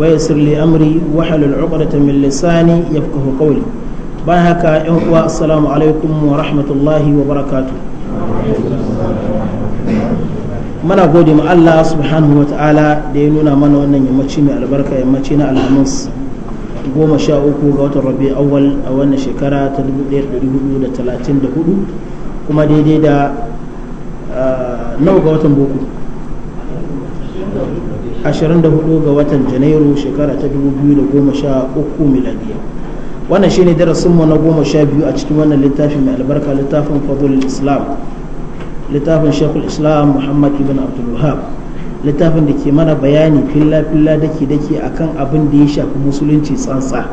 ويسر لي أمري وحلل عقدة من لساني يفقه قولي باهك uwa السلام عليكم ورحمة الله وبركاته mana gode ma Allah subhanahu wa ta'ala da ya nuna mana wannan yammaci mai albarka yammaci na alhamis goma sha uku ga watan rabi awal a wannan shekara ta 1434 kuma daidai da nawa ga watan boko 24 ga watan janairu shekara ta 2013 miladiya wannan shine darasinmu na goma sha biyu a cikin wannan littafi mai albarka littafin fadlul islam littafin shekul islam muhammad ibn abdulwahab littafin da ke mana bayani filla-filla dake-dake akan abin da ya shafi musulunci tsantsa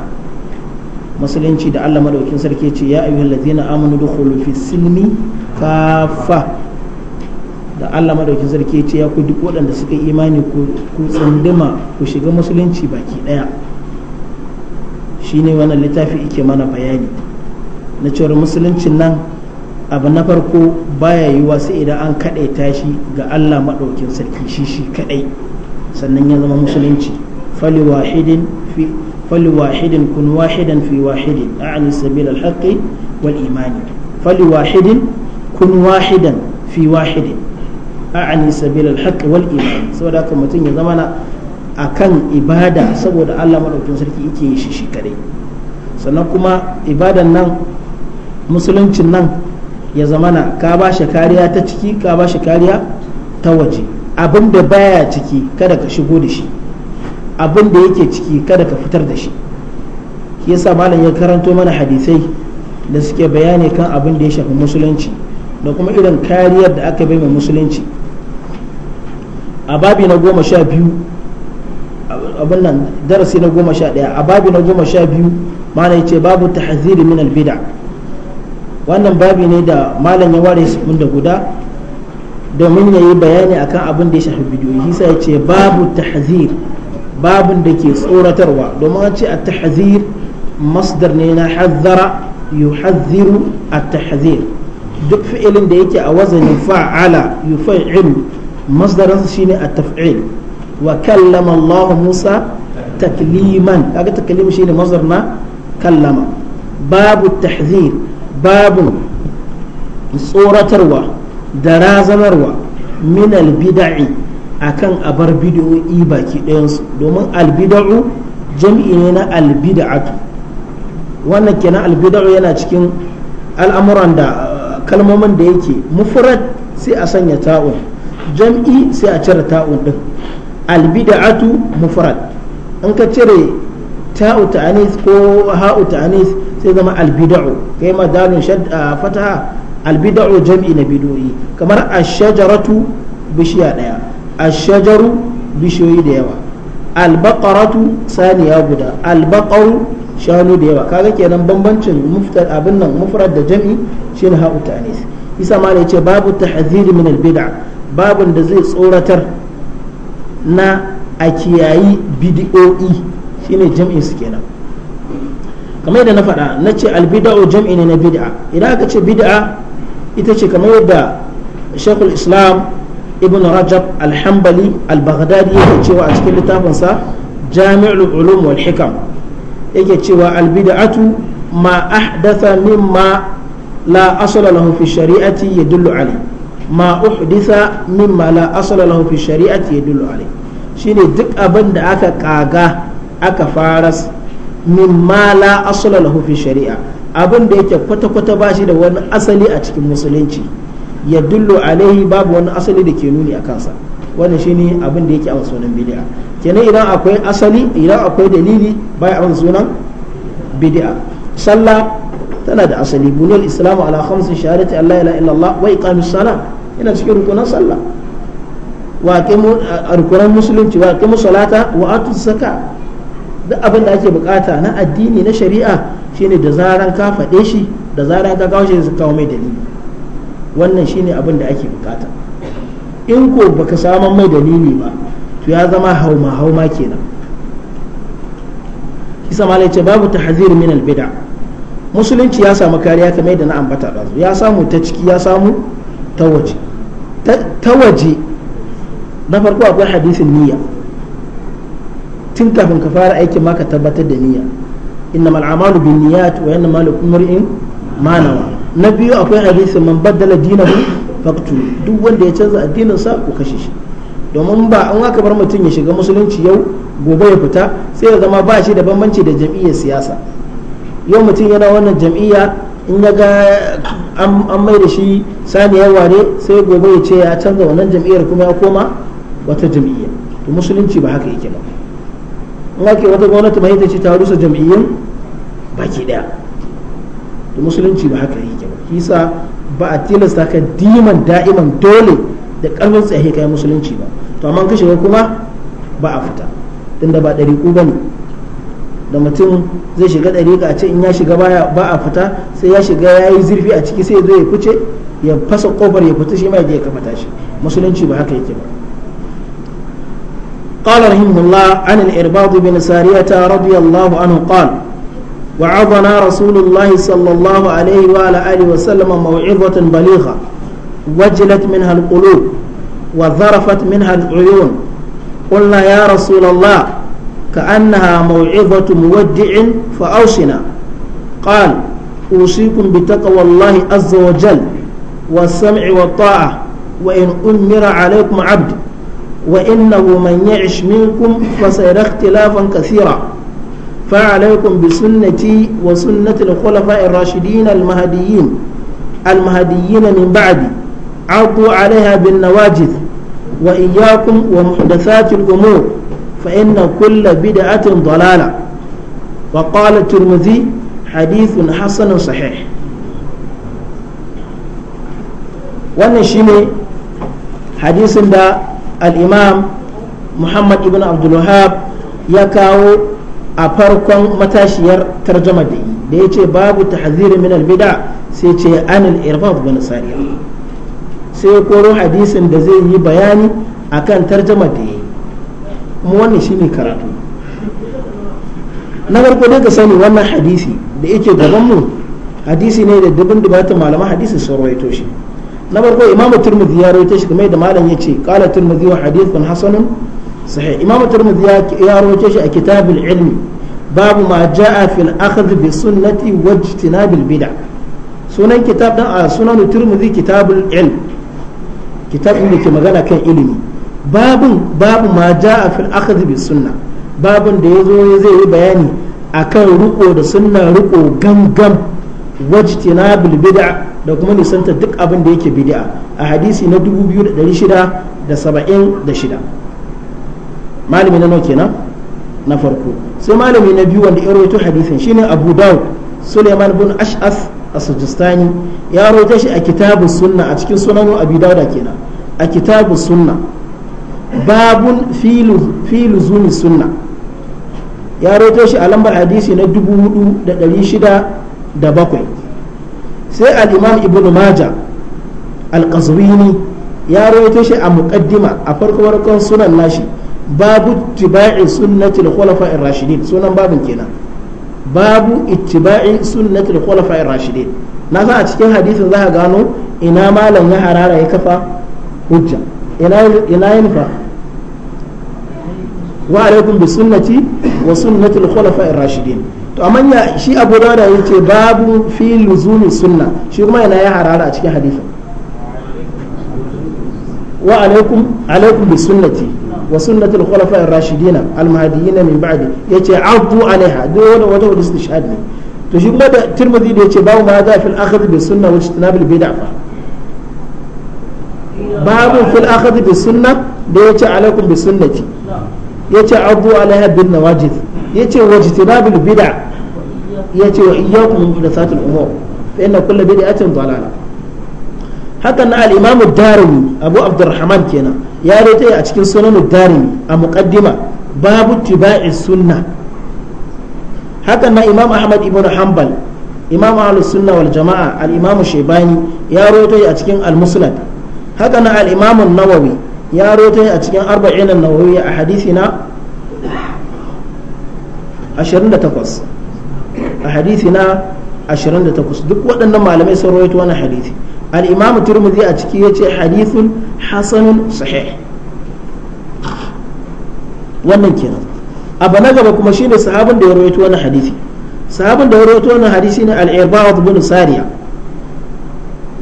musulunci da allah madaukin sarki ce ya ayyuhal ladina amanu dukhulu fi silmi kafa da Allah madaukin sarki ce ya ku duk waɗanda suka imani ku tsundima ku shiga musulunci baki ɗaya shine wannan littafi ike mana bayani na cewar musuluncin nan abu na farko baya yiwuwa sai idan an kaɗai tashi ga Allah maɗaukin sarki shi shi kaɗai sannan ya zama musulunci fali wahidin kun wahidan fi wahidin a'ani sabil alhaƙi wal imani fali wahidin kun wahidan fi wahidin a'ani sabilal haqq wal iman saboda haka mutum ya zama na akan ibada saboda Allah madaukin sarki yake shi shi kadai sannan kuma ibadan nan musuluncin nan ya zamana ka ba shi kariya ta ciki ka ba shi kariya ta waje abin baya ciki kada ka shigo da shi abin da yake ciki kada ka fitar da shi yasa malam ya karanto mana hadisai da suke bayani kan abin da ya shafi musulunci da kuma irin kariyar da aka bai wa musulunci a babi na goma sha biyu abin nan darasi na goma sha ɗaya a babi na goma sha biyu mana ya ce babu tahziri min albida wannan babi ne da malam ya ware su da guda domin ya yi bayani akan abin da ya shafi bidiyoyi hisa ya ce babu tahzir babin da ke tsoratarwa domin an ce a tahzir masdar ne na hazzara yuhazziru a tahzir duk fi'ilin da yake a wazani fa'ala yufa'ilu masdarin shine a tafil wa kallama Allah Musa takliman kaga taklim shine masdar na kallama babu tahzir babu tsoratarwa da razanarwa min albida'i a akan abar bid'o'i baki ɗayansu domin albida'u bidu jam'i ne na albida'atu wannan kenan na albida'u yana cikin al'amuran da kalmomin da yake mufrad sai a sanya ta'un jam'i sai a cire ta'un din albida'atu mufrad in ka cire ta'u ta'anis ko ha'u ta'anis sai zama albida'u kai ma dalun a fataha albida'u jam'i na bidoyi kamar ashajaratu bishiya daya ashajaru bishiyoyi da yawa albaqaratu saniya guda albaqaru shanu da yawa kaga kenan bambancin muftar abin nan mufrad da jam'i shine ha'u ta'anis isa ma ne ce babu tahzir min albid'a babin da zai tsoratar na a kiyayi bidiyo'i shine jam'in su kenan kamar yadda na faɗa na ce albida'o jam'i ne na bid'a idan aka ce bid'a ita ce kamar yadda shekul islam ibn rajab alhambali al-baghdadi yake cewa a cikin littafinsa jami'ul ulum wal hikam yake cewa albida'atu ma ahdatha mimma la asala lahu fi shari'ati yadullu alayhi ma uhdisa mimma la asala lahu fi shari'ati yadullu alai shine duk abinda aka kaga aka faras mimma la asala lahu fi shari'a abin da yake kwata-kwata ba da wani asali a cikin musulunci ya dullo alaihi babu wani asali da ke nuni a kansa wannan shine abin da yake a sunan bid'a kenan idan akwai asali idan akwai dalili bai a sunan bid'a sallah tana da asali buniyar islam ala shahadati allah ila illallah yana cikin rukunan sallah wa aqimu rukunan musulunci wa aqimu salata wa atu saka duk abin da ake bukata na addini na shari'a shine da zaran ka faɗe shi da zaran ka kawo shi su kawo mai dalili wannan shine abin da ake bukata in ko baka samu mai dalili ba to ya zama hauma hauma kenan isa malai ce babu tahzir min al bid'a musulunci ya samu kariya kamar yadda na ambata ya samu ta ciki ya samu ta waje ta waje na farko akwai hadisin niyya tun kafin ka fara aikin ma ka tabbatar da niyya mal amalu bin niyyat wa inna mal umri'in ma nawa na biyu akwai hadisin man baddala dinahu faqtu duk wanda ya canza addinin sa ku kashe shi domin ba an aka bar mutum ya shiga musulunci yau gobe ya fita sai ya zama ba shi da bambanci da jam'iyyar siyasa yau mutum yana wannan jam'iyya in ya ga an mai da shi sani ya ware sai gobe ya ce ya canza wannan jam'iyyar kuma ya koma wata jam'iyya to musulunci ba haka yake ba in ake wata gwamnati mai ta ce ta rusa jam'iyyun baki daya to musulunci ba haka yake ba kisa ba a tilasta ka diman da'iman dole da karfin tsaye kai musulunci ba to amma kashe kuma ba a fita tunda ba ɗariƙu ba ne da mutum zai shiga ɗariƙa a ce in ya shiga ba a fita sai ya shiga ya yi zurfi a ciki sai zai fice ya fasa ƙofar ya fita shi ma ya kafa tashi musulunci ba haka yake ba قال رحمه الله عن الإرباض بن سارية رضي الله عنه قال وعظنا رسول الله صلى الله عليه وعلى آله وسلم موعظة بليغة وجلت منها القلوب وذرفت منها العيون قلنا يا رسول الله كأنها موعظة مودع فأوصنا قال أوصيكم بتقوى الله عز وجل والسمع والطاعة وإن أمر عليكم عبد وإنه من يعش منكم فسيرى اختلافا كثيرا فعليكم بسنتي وسنة الخلفاء الراشدين المهديين المهديين من بعدي عضوا عليها بالنواجذ وإياكم ومحدثات الأمور فإن كل بدعة ضلالة وقال الترمذي حديث حسن صحيح wannan shine hadisin da al'imam muhammad ibn abdulwahab ya kawo a farkon matashiyar tarjama da yi da ya ce babu tahziri min albida sai ce anil irfan bin sariya sai koro hadisin da zai yi bayani akan tarjama da yi kuma wannan shine karatu na farko dai ka sani wannan hadisi da yake gaban mu hadisi ne da dubin dubatan malaman hadisi sun rawaito shi na farko imamu turmudi ya rawaito shi kamar da malam ya ce qala turmudi wa hadithun hasanun sahih imamu turmudi ya rawaito shi a kitabul ilmi babu ma jaa fil akhdh bi sunnati wa ijtinabil bid'a sunan kitab dan a sunan turmudi kitabul ilm kitabun da ke magana kan ilimi babin babu ma ja a fil akhdh bis sunna babin da yazo zai yi bayani a kan riko da sunna riko gangan wajtinabul bid'a da kuma nisanta duk abin da yake bid'a a hadisi na 2676 malami na nawa kenan na farko sai malami na biyu wanda ya rawaito hadisin shine Abu Dawud Suleiman bin ash'as as sujistani ya rawaito shi a kitabus sunna a cikin sunan Abi da kenan a kitabus sunna babun filu luzumi sunna ya roto shi a lambar hadisi na 4,607 sai al'imam ibn maja al-qazwini ya roto shi a muqaddima a farko sunan nashi babu tiba'i sunnatul khulafa'ir rashidin sunan babin kenan babu ittiba'i sunnatul khulafa'ir rashidin na za a cikin hadisin za a gano ina malam ya harara ya kafa hujja ina yin fa wa alaikum bi sunnati wa sunnati al-khulafa ar-rashidin to amma ya shi Abu Dawud ya ce babu fi luzumi sunna shi kuma yana ya harara a cikin hadisin wa alaikum alaikum bi sunnati wa sunnati al-khulafa ar-rashidin al-mahdiyyin min ba'di yace addu alaiha duk wanda wata wata istishhad ne to shi kuma da Tirmidhi da yace babu ma da fil akhdh bi sunna wa ijtinab al-bid'ah babu fil akhdh bi sunna da yace alaikum bi sunnati yace abu alaiha bin nawajiz yace wajtinabil bid'a yace wa iyyakum muhdathatil umur fa inna kullu bid'atin dalala hakan na al-imam ad-darimi abu abdurrahman kenan ya rata a cikin sunan ad-darimi a muqaddima babu tibai sunna hakan na imam ahmad ibn hanbal imam ahlus sunna wal jama'a al shaibani ya rata a cikin al-musnad hakan na al-imam nawawi ya rote a cikin arba'in nawawi a hadisi na 28 a hadisi na 28 duk waɗannan malamai sun rawaito wani hadisi al-imamu turmudi a ciki ya ce hadithun hasanun sahih wannan kenan abu na gaba kuma shine sahabin da ya rawaito wani hadisi sahabin da ya rawaito wani hadisi ne al-irbad bin sariya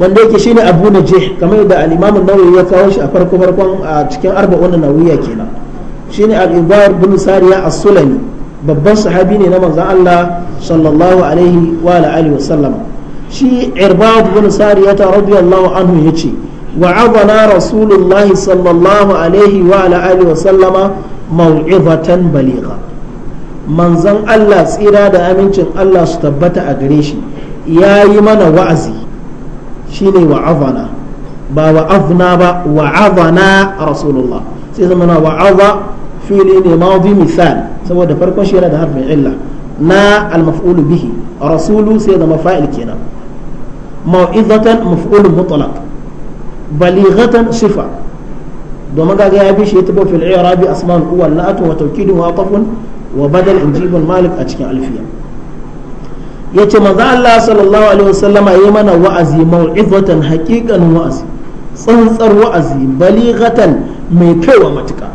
wanda yake shine abu na je kamar yadda al'imamin nawawi ya kawo shi a farko farkon a cikin arba'un nawawiya kenan shine al-ibar bin sariya as-sulami babban sahabi ne na manzon Allah sallallahu alaihi wa alihi wa sallam shi irbad bin sariya ta radiyallahu anhu yace wa'adana rasulullah sallallahu alaihi wa alihi wa sallama maw'izatan baligha manzon Allah tsira da amincin Allah su tabbata a gare shi ya yi mana wa'azi shine wa'azana ba wa'azna ba wa'azana rasulullah sai zama na wa'aza fili ne madi misal saboda farkon shi yana da harfin illa na al-maf'ul bihi rasulu sai zama fa'il kenan mau'izatan maf'ul mutlaq balighatan sifa domin kaga ya bi shi ta bafil i'rabi asma'ul uwal na'atu wa tawkidun wa atafun wa badal injibul malik a cikin alfiya ya ce maza Allah sallallahu alaihi wasallam yayi mana wa'azi mau'izatan haqiqan wa'azi tsantsar wa'azi balighatan mai kaiwa matuka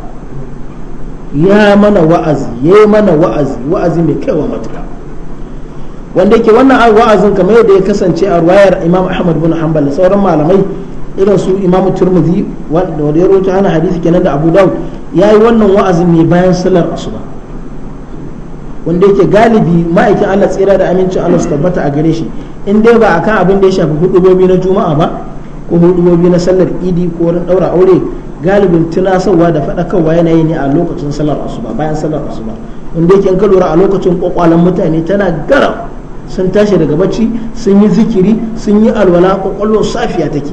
ya mana wa'azi ya mana wa'azi wa'azi mai kaiwa matuka wanda yake wannan wa'azin kamar yadda ya kasance a ruwayar Imam Ahmad bin Hanbal da sauran malamai irin su Imam turmuzi wanda ya rawaito hana hadisi kenan da Abu Dawud yi wannan wa'azin mai bayan salar asuba wanda yake galibi ma'aikin Allah tsira da amincin Allah su tabbata a gare shi in dai ba akan abin da ya shafi hudubobi na juma'a ba ko hudubobi na sallar idi ko wurin daura aure galibin sauwa da faɗakarwa yanayi ne a lokacin sallar asuba bayan sallar asuba wanda yake in ka lura a lokacin kwakwalan mutane tana gara sun tashi daga bacci sun yi zikiri sun yi alwala kwakwalwar safiya take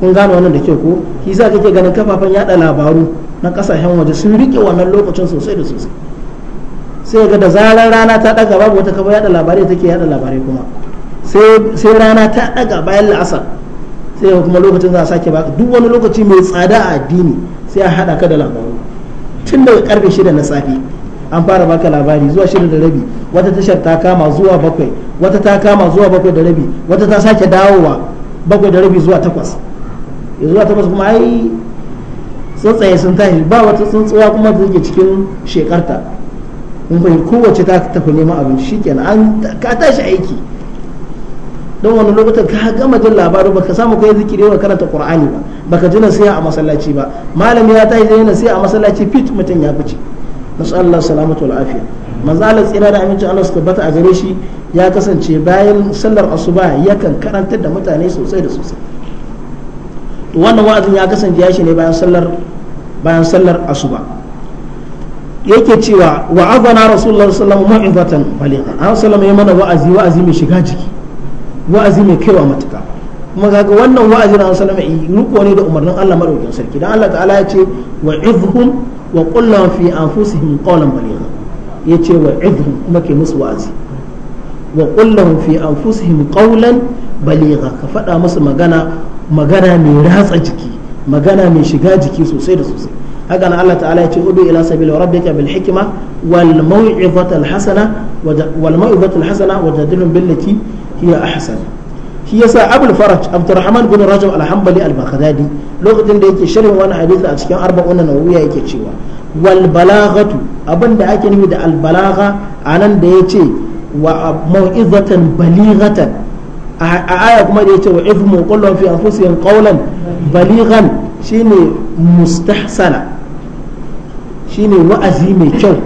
kun gane wannan da kyau ko shi za kake ganin kafafen yada labaru na kasashen waje sun rike wannan lokacin sosai da sosai sai ga da zarar rana ta daga babu wata kafa yada labarai take yada labarai kuma sai rana ta daga bayan la'asar sai kuma lokacin za a sake baka duk wani lokaci mai tsada a addini sai a hada ka da labaru tun daga karfe shida na safe an fara baka labari zuwa shida da rabi wata tashar ta kama zuwa bakwai wata ta kama zuwa bakwai da rabi wata ta sake dawowa bakwai da rabi zuwa takwas ya zuwa takwas kuma ai tsuntsaye sun tashi ba wata tsuntsuwa kuma da take cikin shekarta in bai kowace ta tafi neman abinci shikenan an ka tashi aiki don wani lokacin ka gama jin labaru baka samu kai zikiri wa karanta qur'ani ba baka ji siya a masallaci ba malami ya tashi zai sai a masallaci fit mutum ya fice nasu Allah salamatu wal afiya tsira da amincin Allah su tabbata a gare shi ya kasance bayan sallar asuba yakan karantar da mutane sosai da sosai wannan wa'azin ya kasance ya shi ne bayan sallar asuba yake cewa wa azana rasulullah sallallahu alaihi wasallam mau'izatan baligha an sallama ya mana wa'azi wa'azi mai shiga jiki wa'azi mai kaiwa matuka kuma kaga wannan wa'azi na sallama yi nuko ne da umarnin Allah madaukakin sarki dan Allah ta'ala ya ce wa izhum wa qul lahum fi anfusihim qawlan baligha yace wa izhum kuma ke musu wa'azi wa qul lahum fi anfusihim qawlan baligha ka faɗa musu magana magana mai ratsa jiki magana mai shiga jiki sosai da sosai haka Allah ta'ala ya ce udu ila sabili rabbika bil hikma wal mau'izatil hasana wal mau'izatil hasana wajadilhum billati hiya ahsan shi yasa abul faraj abdurrahman bin rajab al-hanbali lokacin da yake sharhin wani hadisi a cikin arba'un nawawiya yake cewa wal balaghatu abinda ake nufi da al anan da yace wa mau'izatan balighatan a aya kuma da yace wa ifmu qullu fi anfusihim qawlan balighan shine mustahsana shine wa'azi mai kyau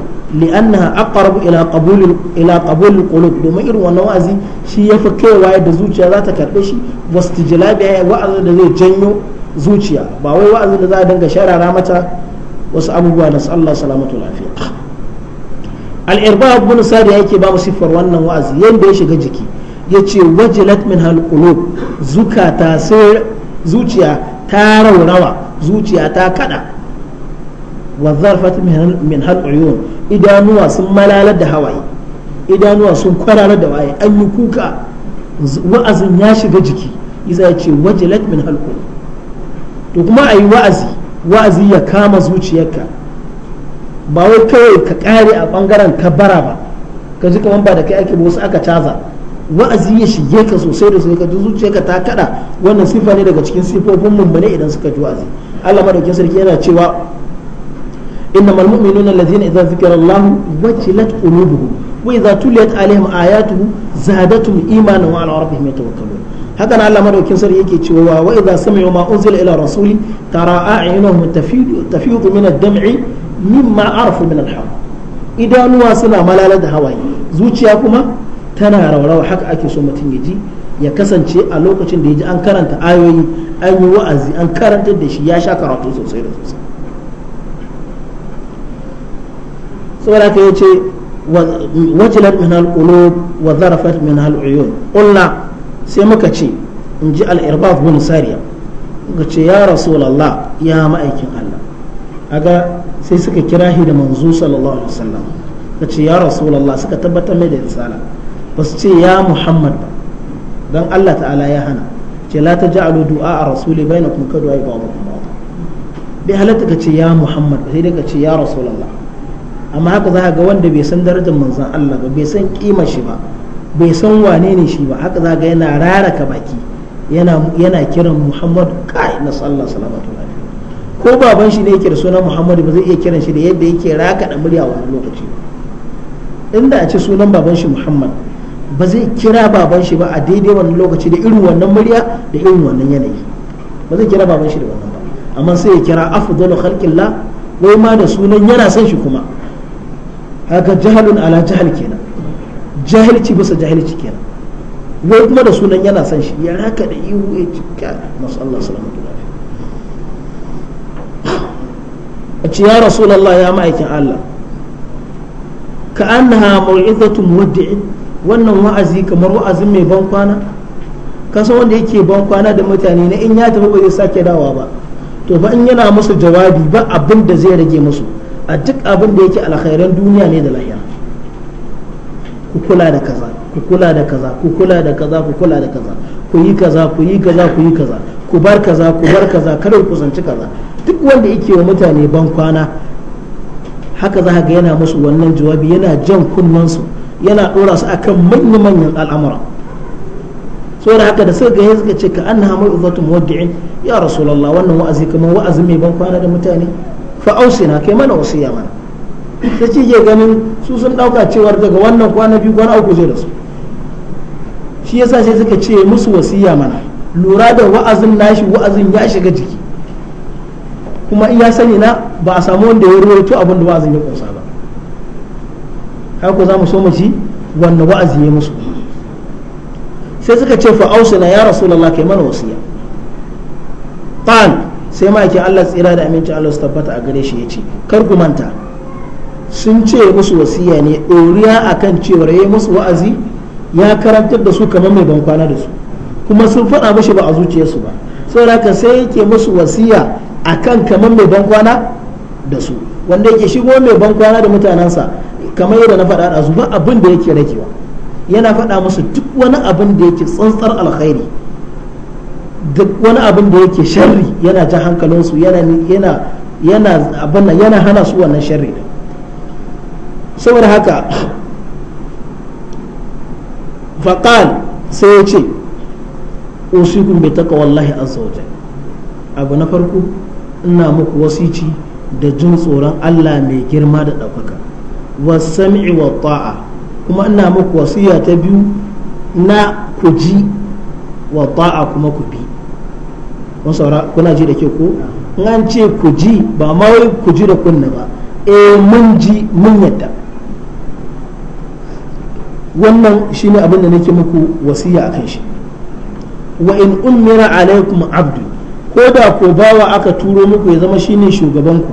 li'annaha aqrabu ila qabul ila qabul qulub domin irin wannan wa'azi shi yafi kaiwa da zuciya za ta karbe shi wastijlabi ya wa'azi da zai janyo zuciya ba wai wa'azi da za a dinga sharara mata wasu abubuwa na Allah salamatu lafiya al-irba ibn sadi yake ba mu siffar wannan wa'azi yanda ya shiga jiki yace wajilat min hal qulub zukata sai zuciya ta raurawa zuciya ta kada wazzarfat min hal uyun idanuwa sun malalar da hawaye idanuwa sun kwararar da waye an yi kuka wa'azin ya shiga jiki isa ya ce wajilat min hal to kuma a yi wa'azi wa'azi ya kama zuciyarka ba wai kawai ka kare a bangaren kabara ba ka ji kamar ba da kai ake ba wasu aka caza wa'azi ya shige ka sosai da sosai ka ji zuciyarka ta kada wannan sifa ne daga cikin sifofin mummune idan suka ji wa'azi Allah madaukin sarki yana cewa إنما المؤمنون الذين إذا ذكر الله وجلت قلوبهم وإذا تليت عليهم آياته زادتهم إيمانا وعلى ربهم يتوكلون هكذا الله مدوكين سر يكي تشوا وإذا سمعوا ما أنزل إلى رسول ترى أعينهم تفيض من الدمع مما عرفوا من الحق إذا نواسنا ملالة هواي زوجيكما tana raurawa haka ake so mutum ya ji ya kasance a lokacin da ya ji an karanta ayoyi an yi wa'azi an karantar da shi ya sha karatu sosai da sosai saboda ka yace wajilat min al-qulub wa zarafat min al-uyun qulna sai muka ce in ji al-irbaf bin sariya muka ce ya rasulullah ya ma'aikin Allah aga sai suka kira shi da manzo sallallahu alaihi wasallam suka ce ya rasulullah suka tabbatar mai da risala ba su ce ya muhammad ba don Allah ta'ala ya hana ce la taj'alu du'a a rasuli bainakum ka du'a ba ba'd bi halatta ka ce ya muhammad ba sai dai ka ce ya rasulullah amma haka za ga wanda bai san darajar manzon Allah ba bai san kima shi ba bai san wane ne shi ba haka za ga yana raraka baki yana kiran Muhammad kai na sallah salamatu ko baban shi ne yake da sunan Muhammad ba zai iya kiran shi da yadda yake raka da murya wani lokaci inda a ce sunan baban shi Muhammad ba zai kira baban shi ba a daidai wannan lokaci da irin wannan murya da irin wannan yanayi ba zai kira baban shi da wannan ba amma sai ya kira afdalu khalqillah wai ma da sunan yana son shi kuma haka jahalun ala jahal kenan jahilci bisa jahilci kenan wai kuma da sunan yana san shi ya raka da ihu ya cika masu Allah salamatu lafiya a ce ya rasulallah ya ma'aikin Allah ka annaha mau'izatu muwaddi'in wannan wa'azi kamar wa'azin mai ban kwana kasan wanda yake ban kwana da mutane na in ya tafi ba zai sake dawa ba to ba in yana musu jawabi ba abin da zai rage musu a duk abin da yake alkhairan duniya ne da lahira ku kula da kaza ku kula da kaza ku kula da kaza ku kula da kaza ku yi kaza ku yi kaza ku yi kaza ku bar kaza ku bar kaza kada ku kusanci kaza duk wanda yake wa mutane ban kwana haka za ga yana musu wannan jawabi yana jan kunnansu yana dora su akan manya-manyan al'amura da haka da suka gaya suka ce ka annaha mai uzatu muwaddi'in ya rasulullah wannan wa'azi kamar wa'azi mai ban kwana da mutane fa'ausina ke kai mana wasiya mana ta ce je ganin su sun dauka cewar daga wannan kwana biyu kwana uku zai rasu shi yasa sai suka ce musu wasiya mana lura da wa'azin nashi wa'azin ya shiga jiki kuma iya sani na ba a samu wanda ya ruwaito abin da wa'azin ya kunsa ba haka za mu so mu ci wannan wa'azi ya musu sai suka ce fa'ausina ya ya rasulullah kai mana wasiya qal sai maki Allah tsira da aminci Allah su tabbata a gare shi ya ce kar ku manta sun ce musu wasiya ne ɗoriya akan cewa ya musu wa'azi ya karantar da su kamar mai bankwana da su kuma sun faɗa mashi ba a zuciyarsu ba saboda haka sai yake musu wasiya akan kamar mai bankwana da su wanda yake shigo mai bankwana da mutanensa kamar yadda na faɗa da su ba abin da yake rakewa yana faɗa musu duk wani abin da yake tsantsar alkhairi duk wani abin da yake sharri yana jan hankalinsu yana yana hana su wannan sharri da saboda haka faƙal sai ya ce usikun bai taka wallahi an wajen abu na farko ina muku wasici da jin tsoron allah mai girma da ɗaukaka wasu wa ta'a kuma ina muku wasiya ta biyu na ku ji wa ta'a kuma ku bi masaura saura kuna ji da ke ko an ce ku ji ba ma wai ku ji da kunna ba eh mun ji mun yadda wannan shine abin da nake muku wasiya akan shi wa in ummira alaikum abdu ko da ko bawa aka turo muku ya zama shine shugaban ku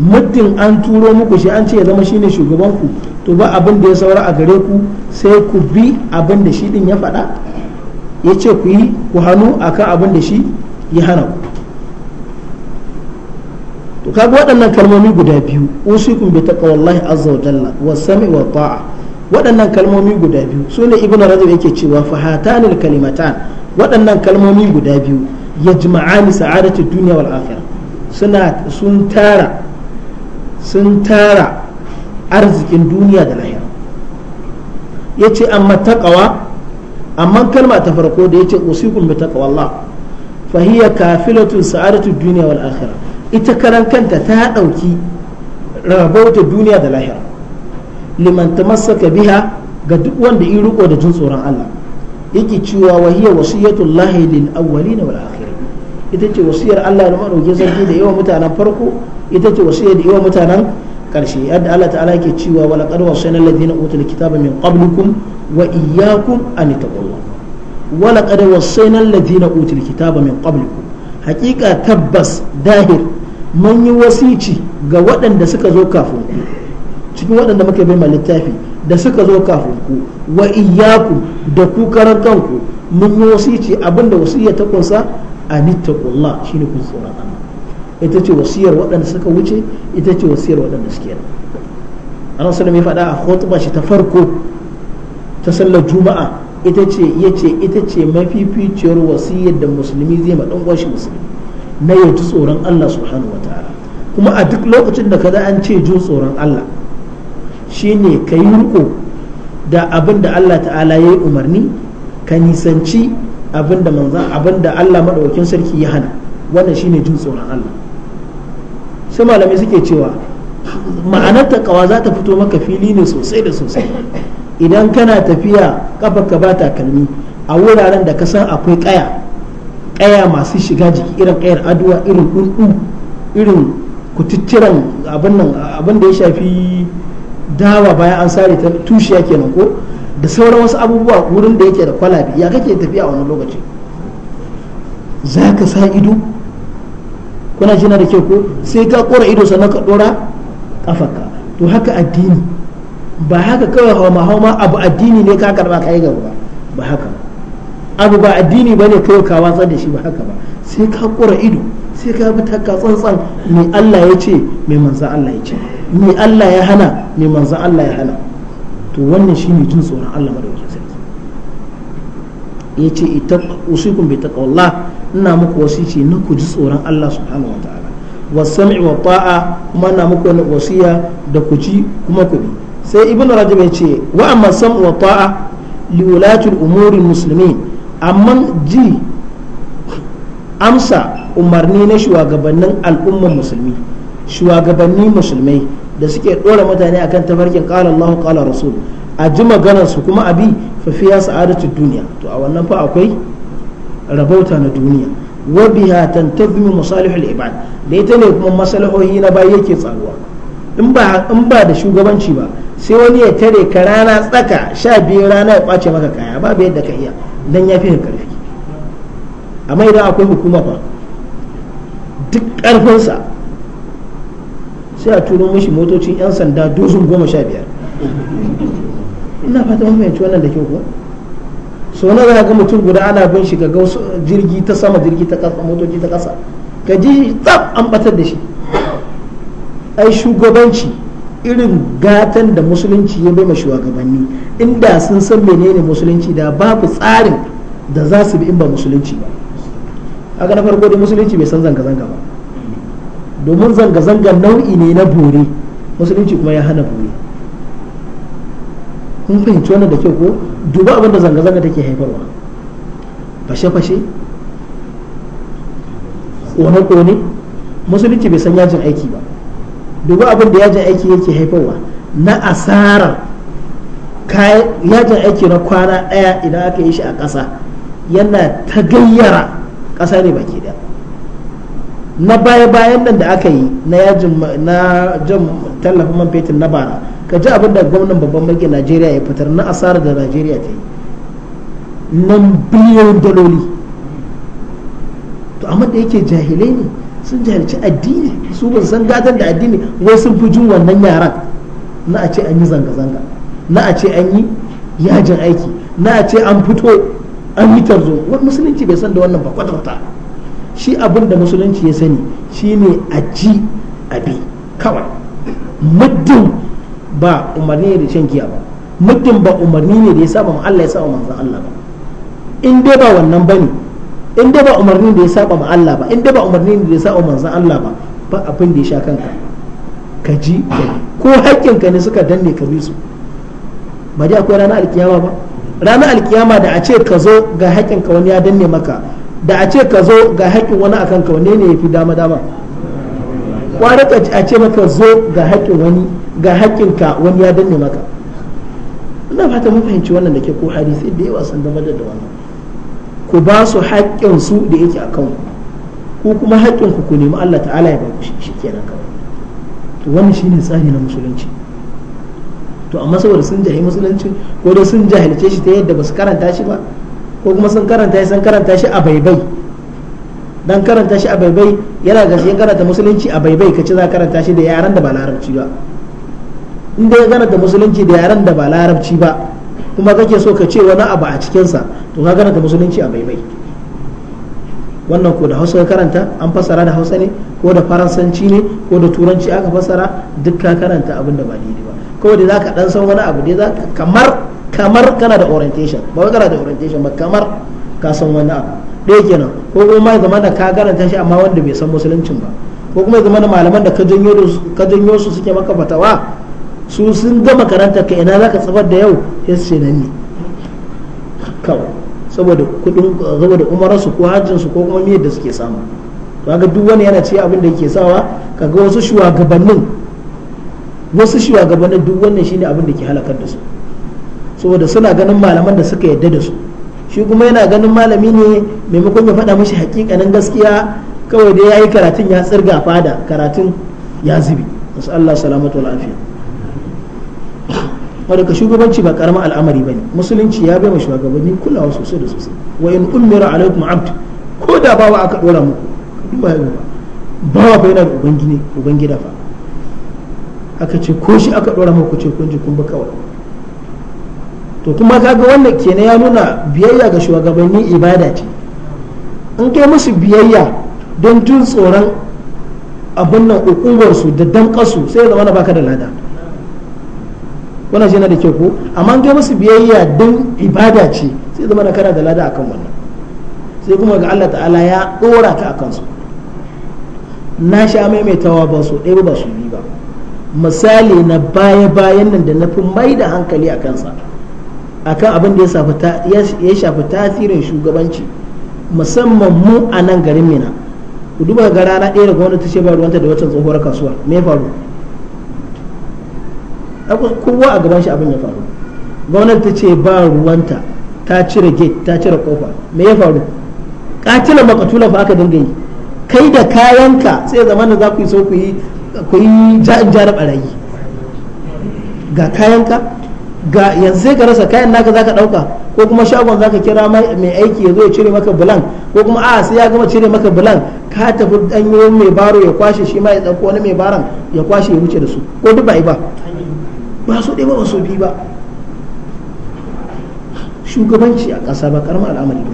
muddin an turo muku shi an ce ya zama shine shugaban ku to ba abin da ya saura a gare ku sai ku bi abin da shi din ya faɗa ya ce ku yi ku hannu akan abin da shi ya hana ku to kaga waɗannan kalmomi guda biyu usikum bi taqwallahi azza wa jalla wa sami wa ta'a waɗannan kalmomi guda biyu su ne ibn rajab yake cewa fa hatanil kalimatan waɗannan kalmomi guda biyu yajma'ani sa'adatu dunya wal akhirah suna sun tara sun tara arzikin duniya da lahira yace amma taqwa amma kalma ta farko da yace usikum bi taqwallah fa hiya sa'adatun sa'adatu wal akhirah ita karan kanta ta ɗauki rabauta duniya da lahira liman tamassaka biha ga duk wanda in riko da jin tsoron Allah yake cewa wa hiya wasiyatul lahi lil awwalin wal akhirin ita ce wasiyar Allah da madauke sarki da yawa mutanen farko ita ce wasiyar da yawa mutanen karshe yadda Allah ta'ala yake cewa wa laqad wasayna alladhina utul kitaba min qablikum wa iyyakum an taqullah wala qad wasaina alladhina utul kitaba min qablikum haqiqa tabbas dahir mun yi wasici ga waɗanda suka zo kafin ku cikin waɗanda muka bai littafi da suka zo kafin ku wa iyyakum da ku karan kanku mun yi wasici abinda wasiyya ta kunsa anittaqullah shine kun tsoron Allah ita ce wasiyar waɗanda suka wuce ita ce wasiyar waɗanda suke da Allah sallallahu ya faɗa a khutba shi ta farko ta sallar juma'a ita ce ya ce ita ce mafificiyar wasiyar da musulmi zai ma ɗan musulmi na yau ji tsoron Allah subhanahu wa ta'ala kuma a duk lokacin da kaza an ce jin tsoron Allah shi ne ka yi riko da abin da Allah ta'ala ya yi umarni ka nisanci abin da manzan abin da Allah maɗaukin sarki ya hana wannan ne jin tsoron Allah sai malamai suke cewa ma'anar takawa za ta fito maka fili ne sosai da sosai idan kana tafiya kafarka ba takalmi a wuraren da ka san akwai kaya kaya masu shiga jiki irin kayar aduwa irin ɗunɗu irin kututturan abin da ya shafi dawa bayan an sare ta tushiya kenan ko da sauran wasu abubuwa wurin da yake da kwalabi ya kake tafiya a wani lokaci za ka sa ido kuna jina da kyau ko sai ka kora ido sannan ka dora kafarka to haka addini ba haka kawai hauma hauma abu addini ne ka karba ka yi gaba ba ba haka abu ba addini ba ne kawai ka watsar da shi ba haka ba sai ka kura ido sai ka bi ta tsantsan me Allah ya ce me manzan Allah ya ce me Allah ya hana me manzan Allah ya hana to wannan shi ne jin tsoron Allah madaukakin sarki ya ce ita usikum bi taqwallah ina muku wasici na ku ji tsoron Allah subhanahu wa ta'ala wa sam'i wa ta'a kuma ina muku wasiya da ku ji kuma ku bi sai ibn rajab ya ce wa amma sam'u wa ta'a li ulati umuri muslimin amma ji amsa umarni na shugabannin al'umma musulmi shugabanni musulmai da suke dora mutane akan tafarkin qala Allah qala rasul a ji maganar su kuma abi fa ya sa'adatu duniya to a wannan fa akwai rabauta na duniya wa biha tantazmi masalihul ibad da ita ne kuma masalahohi na bai yake tsaruwa in ba da shugabanci ba sai wani ya tare ka rana tsaka sha biyu rana ya kwace maka kaya babu yadda ka iya dan ya fi karfi amma idan akwai hukuma fa duk karfinsa sai a turo mashi motocin 'yan sanda dozin goma sha biyar ina fata mun yanci wannan da kyau ko so na za ga mutum guda ana bin shi ga jirgi ta sama jirgi ta kasa motoci ta kasa ka ji tsaf an batar da shi ai shugabanci irin gatan da musulunci ya bai ma shugabanni inda sun san menene musulunci da babu tsarin da za su bi in ba musulunci ba haka na farko da musulunci bai san zanga-zanga ba domin zanga-zanga nau'i ne na bore musulunci kuma ya hana bore kun fahimci wannan da kyau ko duba abin da zanga-zanga take haifarwa fashe-fashe kone-kone musulunci bai san yajin aiki ba dubu abin da yajin aiki yake haifarwa na asarar yajin aiki na kwana ɗaya idan aka yi shi a ƙasa yana ta gayyara ƙasa ne baki ɗaya na baya bayan nan da aka yi na yajin na jan tallafin man fetur na bara ka ji abin da gwamnan babban mulkin najeriya ya fitar na asarar da najeriya ta yi nan biliyan daloli to amma da yake jahilai ne sun jahilci addini su ba san gadon da addini wai sun fi jin wannan yaran na a ce an yi zanga-zanga na a ce an yi yajin aiki na a ce an fito an yi tarzo musulunci bai san da wannan ba kwatanta shi abin da musulunci ya sani shi ne a ji abi kawai muddin ba umarni ne da shan giya ba muddin ba umarni ne da ya saba Allah ya saba manzon Allah ba in dai ba wannan bane in dai ba umarnin da ya saba ma Allah ba in dai ba umarnin da ya saba manzon Allah ba ba abin da ya sha kanka ka ji ko haƙƙin ka ne suka danne ka bi su ba dai akwai ranar alkiyama ba ranar alkiyama da a ce ka zo ga haƙƙin ka wani ya danne maka da a ce ka zo ga haƙƙin wani akan ka wani ne yafi dama dama ka a ce maka zo ga haƙƙin wani ga haƙƙin ka wani ya danne maka ina fata mun fahimci wannan da ke ko hadisi da yawa sun zama da wannan ku ba su haƙƙin su da yake a kanku ku kuma haƙƙin ku ku nemi Allah ta'ala ya ku shi kenan kawai to wannan shine tsari na musulunci to amma saboda sun jahi musulunci ko dai sun jahilce shi ta yadda ba su karanta shi ba ko kuma sun karanta shi sun karanta shi a baibai dan karanta shi a baibai yana ga shi karanta musulunci a baibai ka ci za karanta shi da yaran da ba larabci ba in dai karanta musulunci da yaran da ba larabci ba kuma kake so ka ce wani abu a cikinsa to ka gana ta musulunci a baibai wannan ko da hausa karanta an fassara da hausa ne ko da faransanci ne ko da turanci aka fasara duk ka karanta abin da ba daidai ba kawai da zaka dan san wani abu dai za kamar kamar kana da orientation ba wai kana da orientation ba kamar ka san wani abu ɗaya kenan ko kuma ya zama da ka karanta shi amma wanda bai san musuluncin ba ko kuma ya zama da malaman da ka janyo su suke maka fatawa su sun gama karanta ka ina za ka tsafar da yau ya ce nan ne kawai saboda kudin saboda umararsu ko hajjinsu ko kuma miyar da suke samu kaga duk wani yana ce abin da yake sawa kaga wasu shugabannin wasu shugabannin duk wannan shine abin da ke halakar da su saboda suna ganin malaman da suka yadda da su shi kuma yana ganin malami ne maimakon ya faɗa mashi hakikanin gaskiya kawai dai ya yi karatun ya tsirga fada karatun ya zubi masu Allah salamatu lafiya wadda shugabanci ba karamin al'amari ba ne musulunci ya bai ma shugabanni kulawa sosai da sosai wa in ummira alaikum abd ko da bawa aka dora muku ba bawa bai na da ubangine ubangida fa aka ce ko shi aka dora muku ce kun ji kun kawai to kuma kaga wannan kenan ya nuna biyayya ga shugabanni ibada ce in kai musu biyayya don jin tsoron abin nan ukubarsu da dankasu sai zama na baka da lada wannan shi yana da kyau ko amma an kai musu biyayya don ibada ce sai zama da kana da lada akan wannan sai kuma ga Allah ta'ala ya dora ka akan su na sha maimaitawa ba su ɗaya ba su yi ba misali na baya bayan nan da na fi mai da hankali a kansa akan abin da ya shafi tasirin shugabanci musamman mu a nan garin mina ku duba ga rana ɗaya da gwamnati ce ba ruwanta da wancan tsohuwar kasuwa me faru kowa a gaban shi abin ya faru gwamnati ta ce ba ruwanta ta cire gate ta cire kofa me ya faru katila makatula fa aka dinga yi kai da kayanka sai zaman da za ku yi so ku yi ku yi ja'in barayi ga kayanka ga yanzu sai ka rasa kayan naka zaka dauka ko kuma shagon zaka kira mai aiki ya zo ya cire maka bulan ko kuma a sai ya gama cire maka bulan ka tafi danyo mai baro ya kwashe shi ma ya dauko wani mai baran ya kwashe ya wuce da su ko duk ba ba ba su ɗaya ba su bi ba shugabanci a ƙasa ba karamar al'amari ba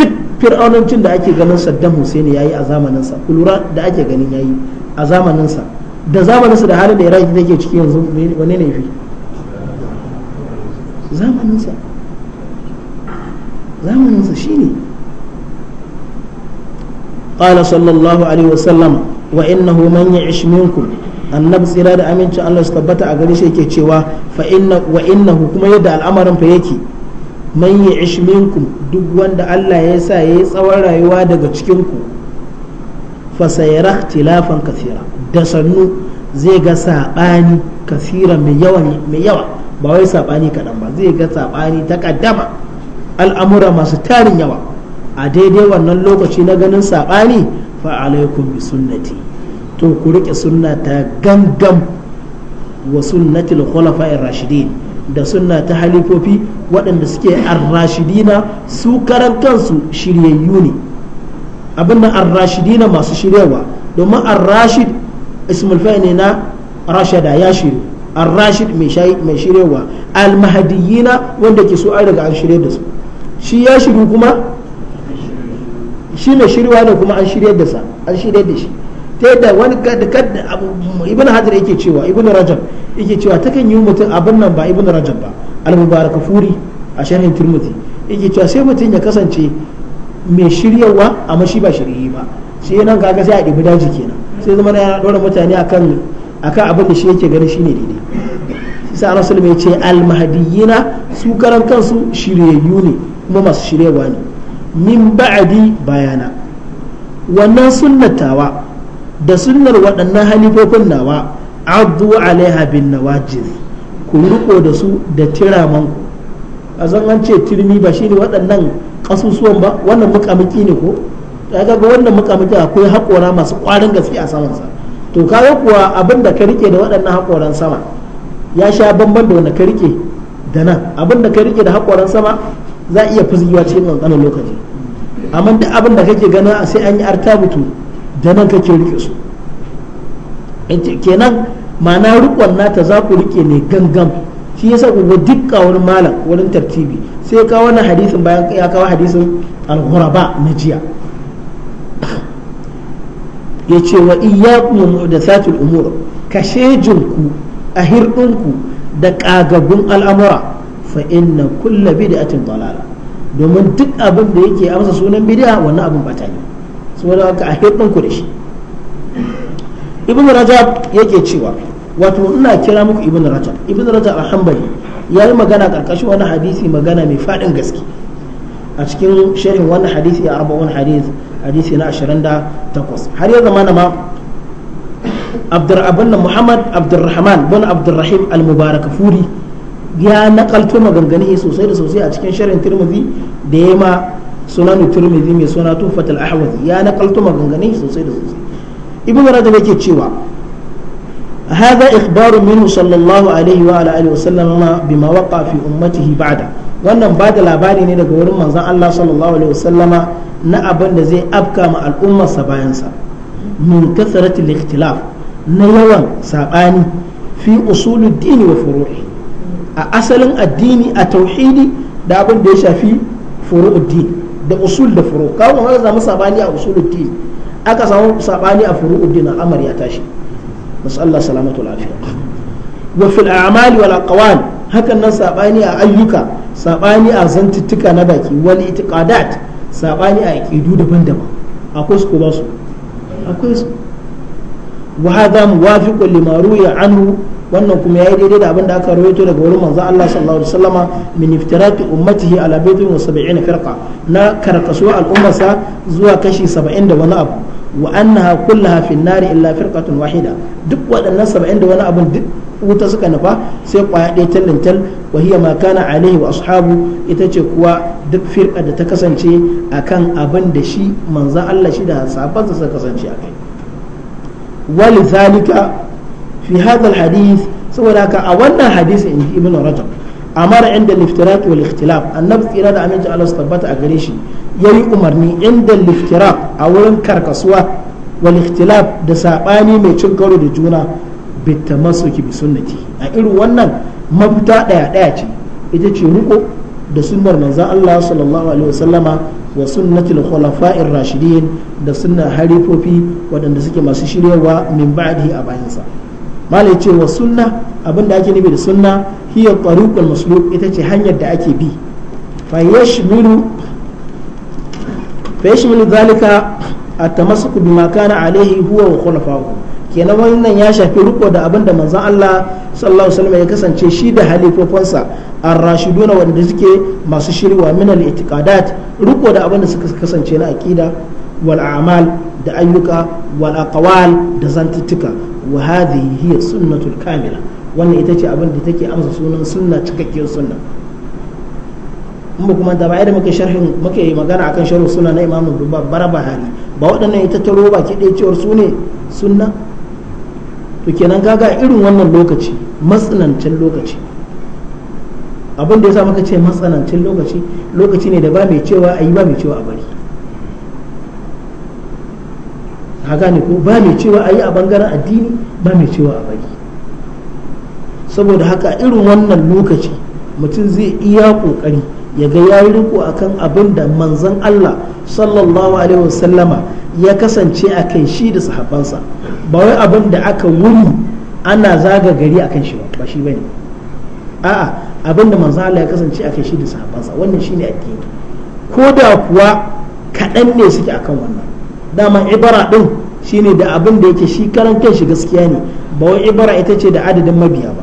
ne duk fir'aunancin da ake ganin saddam hussein ya yi a zamaninsa kulura da ake ganin ya yi a zamaninsa da zamaninsa da halin da ya iraki take ciki yanzu wani ne fi zamaninsa zamaninsa shi ne قال صلى الله عليه وسلم وإنه من يعش منكم annabi tsira da amincin Allah su tabbata a gare shi yake cewa fa inna wa innahu kuma yadda al'amarin fa yake man ya minkum duk wanda Allah ya sa yayi tsawon rayuwa daga cikin ku fa sayara ikhtilafan kathira da sannu zai ga sabani kathira mai yawa mai yawa ba wai sabani kadan ba zai ga sabani kaddama al'amura masu tarin yawa a daidai wannan lokaci na ganin sabani fa alaikum bi sunnati to ku rike sunna ta gangam wa sunnatul khulafa'ir rashidin da sunna ta halifofi waɗanda suke rashidina su karan kansu shiryayyu ne abin ar rashidina masu shiryawa domin rashid ismul ne na rashada ya shiryu rashid mai shiryawa al-mahdiyina wanda ke so an daga an shirya da su shi ya shiryu kuma shi ne shirwa ne kuma an shirya da sa an shirye da shi ta yadda wani ibn hajar yake cewa ibn rajab yake cewa ta kan yi mutum abin nan ba ibn rajab ba al-mubarak furi a sharhin turmuti yake cewa sai mutum ya kasance mai shiryawa amma shi ba shiryi ba sai nan kaga sai a ɗibi daji kenan sai zama na ɗora mutane akan akan abin da shi yake gani shine daidai sai ya ce al-mahdiyina su karan kansu shiryayyu ne kuma masu shiryarwa ne min ba'adi bayana wannan sunnatawa da sunnar waɗannan halifofin nawa abdu alaiha bin nawajir ku riko da su da tiramanku a zan an ce turmi ba shi ne waɗannan ƙasusuwan ba wannan mukamuki ne ko ya ga wannan mukamuki akwai haƙora masu ƙwarin gaske a samansa to kaga kuwa abin da ka rike da waɗannan haƙoran sama ya sha bamban da wanda ka rike da nan abin da ka rike da haƙoran sama za a iya fizgiwa cikin ƙanƙanin lokaci amma duk abin da kake gana sai an yi artabutu da nan kake rike su kenan ma'ana rikon nata za ku rike ne gangan shi ya sa kuma duk wani malam wurin tartibi sai kawo wani hadisin bayan ya kawo hadisin al-ghuraba na jiya ya ce wa satin umuru umur jinku a hirɗinku da ƙagagun al'amura fa inna kulla bid'atin dalala domin duk abin da yake amsa sunan bid'a wannan abin ta ne saboda haka a hirdin ku da shi ibn rajab yake cewa wato ina kira muku ibn rajab ibn rajab al-hanbali ya yi magana ƙarƙashin wani hadisi magana mai fadin gaske a cikin sharhin wani hadisi a arba'un hadis hadisi na 28 har ya zama ma abdurrahman muhammad abdurrahman bin abdurrahim al-mubarak furi ya nakalto maganganihi sosai da sosai a cikin sharhin tirmidhi da ya ma sunan turmizi mai suna tufatul ahwaz ya nakalto maganganai sosai da sosai ibn rajab yake cewa هذا إخبار منه صلى الله عليه وعلى آله وسلم بما وقع في أمته بعد wannan ba da labari ne daga wurin manzon Allah sallallahu alaihi wasallama na abin da zai afka ma al'ummarsa bayansa min kasaratul ikhtilaf na yawan sabani fi usulud dini wa furu'i a asalin addini a tauhidi da abin da ya shafi furu'ud dini da usul da furu kawo aka samu sabani a usulul din aka samu sabani a furu'ud din al'amari ya tashi allah salamatu lafiya wa fil a'mali wal aqwal hakan nan sabani a ayyuka sabani a zantuttuka na baki wal itiqadat sabani a aqidu daban-daban akwai su ko ba su akwai su wa hadha muwafiqun lima ruya anhu wannan kuma yi daidai da abin da aka rawaito daga wurin manzo Allah sallallahu alaihi wasallama min iftiraqi ummatihi ala bid'in wa sab'ina firqa na karkasu al'ummarsa zuwa kashi 70 da wani abu wa annaha kullaha fi nari illa firqatun wahida duk waɗannan 70 da wani abun duk wuta suka nufa sai kwaya ɗaya tallintal wa hiya ma kana alaihi wa ashabu ita ce kuwa duk firqa da ta kasance akan abin da shi manzo Allah shi da sahabbansa suka kasance akai ولذلك في هذا الحديث سوى لك أولا حديث عند ابن رجب أمر عند الافتراق والاختلاف النبي إلى أن أمنت على استبات أجريشي يلي أمرني عند الافتراق أولا كركسوة والاختلاف دساباني ما تشكر دجونا بالتمسك بسنتي أقول وانا مبتع دعاتي إذا تشيروا da sunnar manzan Allah sallallahu alaihi wasallama wa sunnatul khulafa'ir rashidin da sunna harifofi waɗanda suke masu shiryawa min ba'dihi a bayansa malai ce wa sunna abinda ake nufi da sunna hiya tariqul masluk ita ce hanyar da ake bi fa yashmilu fa yashmilu dhalika at-tamassuku bima kana alayhi huwa wa khulafa'uhu kenan wannan ya shafi riko da abin da manzon Allah sallallahu alaihi wasallam ya kasance shi da halifofinsa ar-rashiduna wanda suke masu shirwa min al-i'tiqadat riko da abin da suka kasance na aqida wal a'mal da ayyuka wal aqwal da zantuttuka wa hadhihi hiya sunnatul kamila wannan ita ce abin da take amsa sunan sunna cikakken sunna mu kuma da bai da muke sharhin muke magana akan sharhin sunna na imamu dubbar bahari ba waɗannan ita ta roba ki ɗaya cewar su ne sunna to kenan kaga irin wannan lokaci matsanancin lokaci abin da ya sa maka ce matsanancin lokaci lokaci ne da ba mai cewa a yi ba mai cewa a bari a gane ko ba mai cewa a yi a bangaren addini ba mai cewa a bari saboda haka irin wannan lokaci mutum zai iya kokari ya ga ya yi riko akan abin da manzan Allah sallallahu alaihi wasallama ya kasance a kai shi da sahabbansa ba wai abin da aka wuri ana zaga gari akan shi ba shi bane a'a abin da manzo Allah ya kasance kai shi da sahabbansa wannan shine addini ko da kuwa kaɗan ne suke akan wannan dama ibara din shine da abin da yake shi karan shi gaskiya ne ba wai ibara ita ce da adadin mabiya ba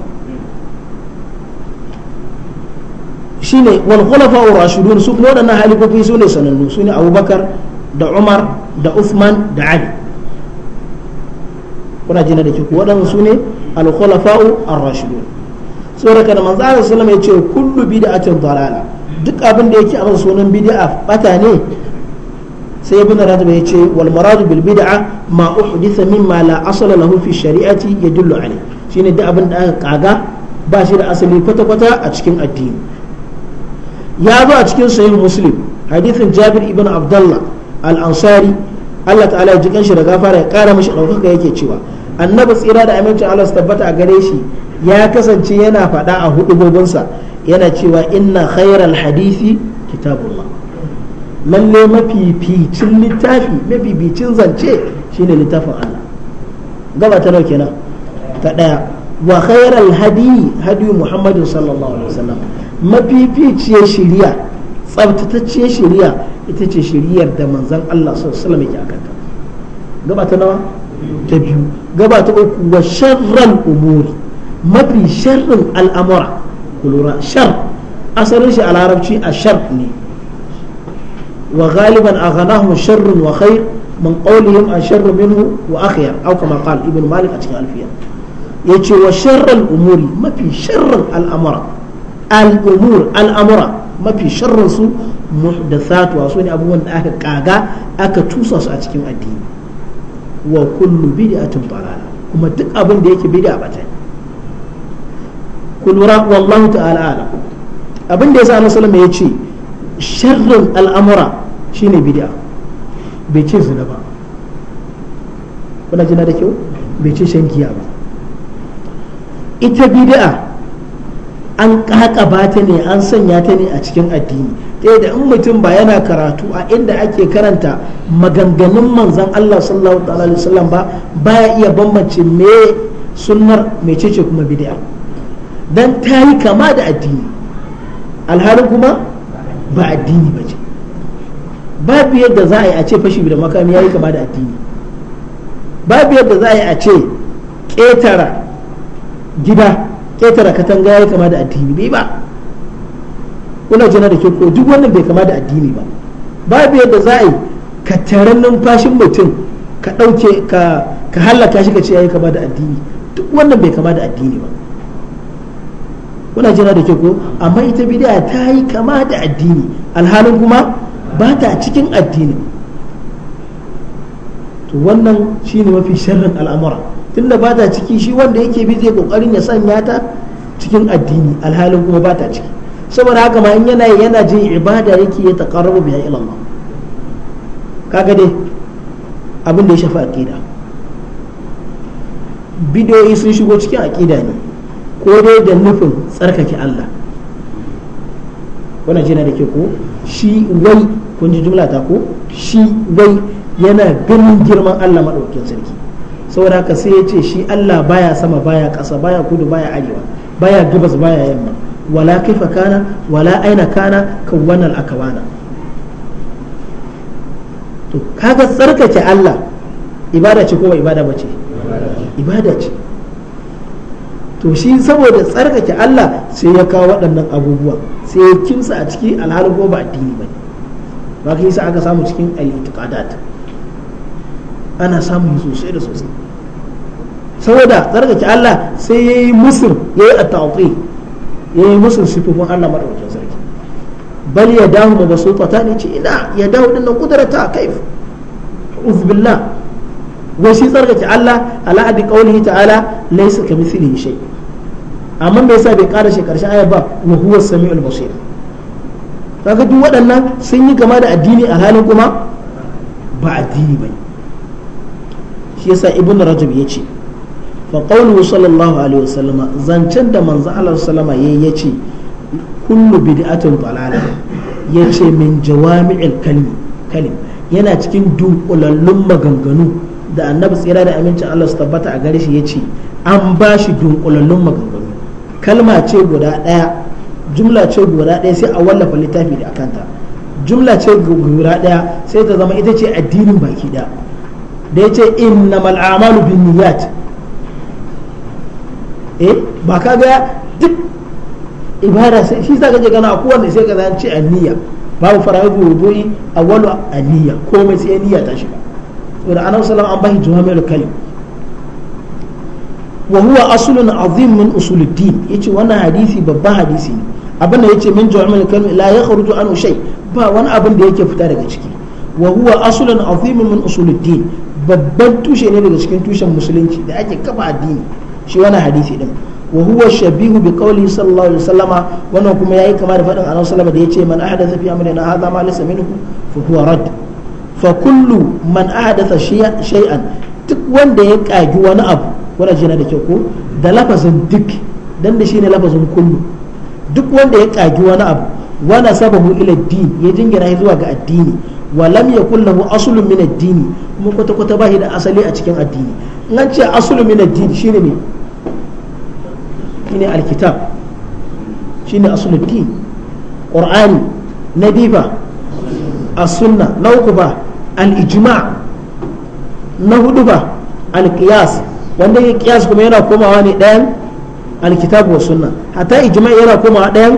shine wal khulafa wa rashidun su kuma waɗannan halifofi su ne sanannu su ne abubakar da umar da uthman da ali kuna jina da kiku waɗannan su ne al-khulafa'u ar-rashidun saboda kana manzo Allah sallallahu alaihi wasallam ya ce kullu bid'atin dalala duk abin da yake a sunan bid'a bata ne sai ibn rajab ya ce wal marad bil bid'a ma uhditha mimma la asala lahu fi shari'ati yadullu alayh shine duk abin da aka kaga ba shi da asali kwata kwata a cikin addini ya zo a cikin sahih muslim hadithin jabir ibn abdullah al ansari Allah ta'ala ya jikan shi da gafara ya kara mashi ɗaukaka yake cewa annabi tsira da amincin Allah su tabbata a gare shi ya kasance yana faɗa a gobinsa yana cewa inna khairal hadisi kitabullah lalle mafificin littafi mafificin zance shine littafin Allah gaba ta nauke na ta ɗaya wa khairal hadi hadi muhammadu sallallahu alaihi wasallam ficiye shiriya tsabtatacciyar shiriya ita ce shari'ar da manzon Allah sallallahu alaihi wasallam yake akanta gaba ta nawa ta biyu gaba uku wa umuri mafi sharrin al'amura ku lura shar asalin shi a larabci a shar ne wa galiban a ganahu sharrin wa khair man qawlihim a sharrin minhu wa akhyar ibn malik a cikin alfiya ce wa sharral umuri mafi sharrin al'amura al umur mafi sharrin su muhdathat wa sunni abubuwan da aka kaga aka tusa su a cikin addini wa kullu bid'atin dalala kuma duk abin da yake bid'a bata ne lura wallahu ta'ala ala abin da yasa Annabi sallallahu ya ce sharrul al'amura shine bid'a bai ce zina ba kuna jina da kyau bai ce shan giya ba ita bid'a an kakaba ta ne an sanya ta ne a cikin addini ɗaya da in mutum ba yana karatu a inda ake karanta maganganun manzan Allah sallallahu alaihi wasallam ba baya iya bambance me sunnar mecece kuma bid'a dan ta yi kama da addini alhali kuma ba addini ba ce babu yadda za a yi a ce fashi da makami ya yi kama da addini babu yadda za a yi a ce ƙetara gida ƙetara katanga ya yi kama da addini bai ba kuna jina da ke ko duk wannan bai kama da addini ba babu yadda za a yi ka taron numfashin mutum ka ɗauke ka hallaka shi ka ce yayi kama da addini duk wannan bai kama da addini ba kuna jina da ke ko amma ita bidiya ta yi kama da addini alhalin kuma ba ta cikin addini to wannan shine mafi sharrin al'amura tunda ba ta ciki shi wanda yake bi zai kokarin ya sanya ta cikin addini alhalin kuma ba ta ciki saboda haka ma in yana yana jin ibada yake ya taqarrabu biha ila Allah kaga dai abin da ya shafi aqida bidoyi sun shigo cikin aqida ne ko dai da nufin tsarkake Allah wannan jina da ke ko shi wai kun ji jumla ta ko shi wai yana ganin girman Allah madaukakin sarki saboda haka sai ya ce shi Allah baya sama baya ƙasa baya kudu baya arewa baya gabas baya yamma wala kaifa kana wala aina kana kawwanan akawana to kaga tsarkake Allah ibada ce ko ibada ba ibada ce to shi saboda tsarkake Allah sai ya kawo waɗannan abubuwa sai ya kimsa a ciki alhalin ko ba addini ba ne ba ka yasa aka samu cikin al-i'tiqadat ana samun sosai da sosai saboda tsarkake Allah sai ya yi musul ya yi a ya yi musu sifofin Allah madaukakin sarki bal ya dawo ma basu ta ne ce ina ya dahu din nan kudarata kaif wai shi tsarkake Allah ala abi qaulihi ta'ala laysa kamithlihi shay amma me yasa bai kara shi karshen ayar ba wa huwa samiul basir kaga duk waɗannan sun yi gama da addini a halin kuma ba addini ba shi yasa ibnu rajab ya ce fa qawluhu sallallahu alaihi wasallama zancen da manzo Allah sallama yayi yace kullu bid'atin ya ce min jawami'il kalmi kalim yana cikin dunkulallun maganganu da annabi tsira da amincin Allah su tabbata a gare shi ce an ba shi dunkulallun maganganu kalma ce guda ɗaya jumla ce guda ɗaya sai a wallafa littafi da akanta jumla ce guda ɗaya sai ta zama ita ce addinin baki ɗaya da ya yace innamal a'malu binniyat eh ba ka ga duk ibada sai shi za ka je gana akwai wanda sai ka zan ce niyya babu farahu wudu'i awwalu niyya komai sai niyya ta shiga saboda annabi sallallahu alaihi wasallam an bashi jami'ul kalim wa huwa aslun azim min usuluddin yace wannan hadisi babban hadisi ne abin da yace min mai kalim la yakhruju an shay ba wani abin da yake fita daga ciki wa huwa aslun azim min usuluddin babban tushe ne daga cikin tushen musulunci da ake kafa addini shi wani hadisi din wa huwa shabihu bi qawli sallallahu alaihi wasallam wannan kuma yayi kama da fadin annabi sallallahu da yace man ahdatha fi amrina hadha ma laysa minhu fa huwa radd fa kullu man ahdatha shay'an duk wanda ya kagi wani abu wani jina da kyau ko da lafazin duk dan da shine lafazin kullu duk wanda ya kagi wani abu wa sababu ila din ya jingira zuwa ga addini wa lam yakul lahu aslun min addini kuma kwata kwata bashi da asali a cikin addini nan ce aslun min addini shine ne shine alkitab shine asuluddin qur'ani na bifa as-sunna na uku ba al-ijma' na hudu ba al-qiyas wanda ya qiyas kuma yana komawa ne ɗayan alkitab wa sunna hatta ijma' yana komawa ɗayan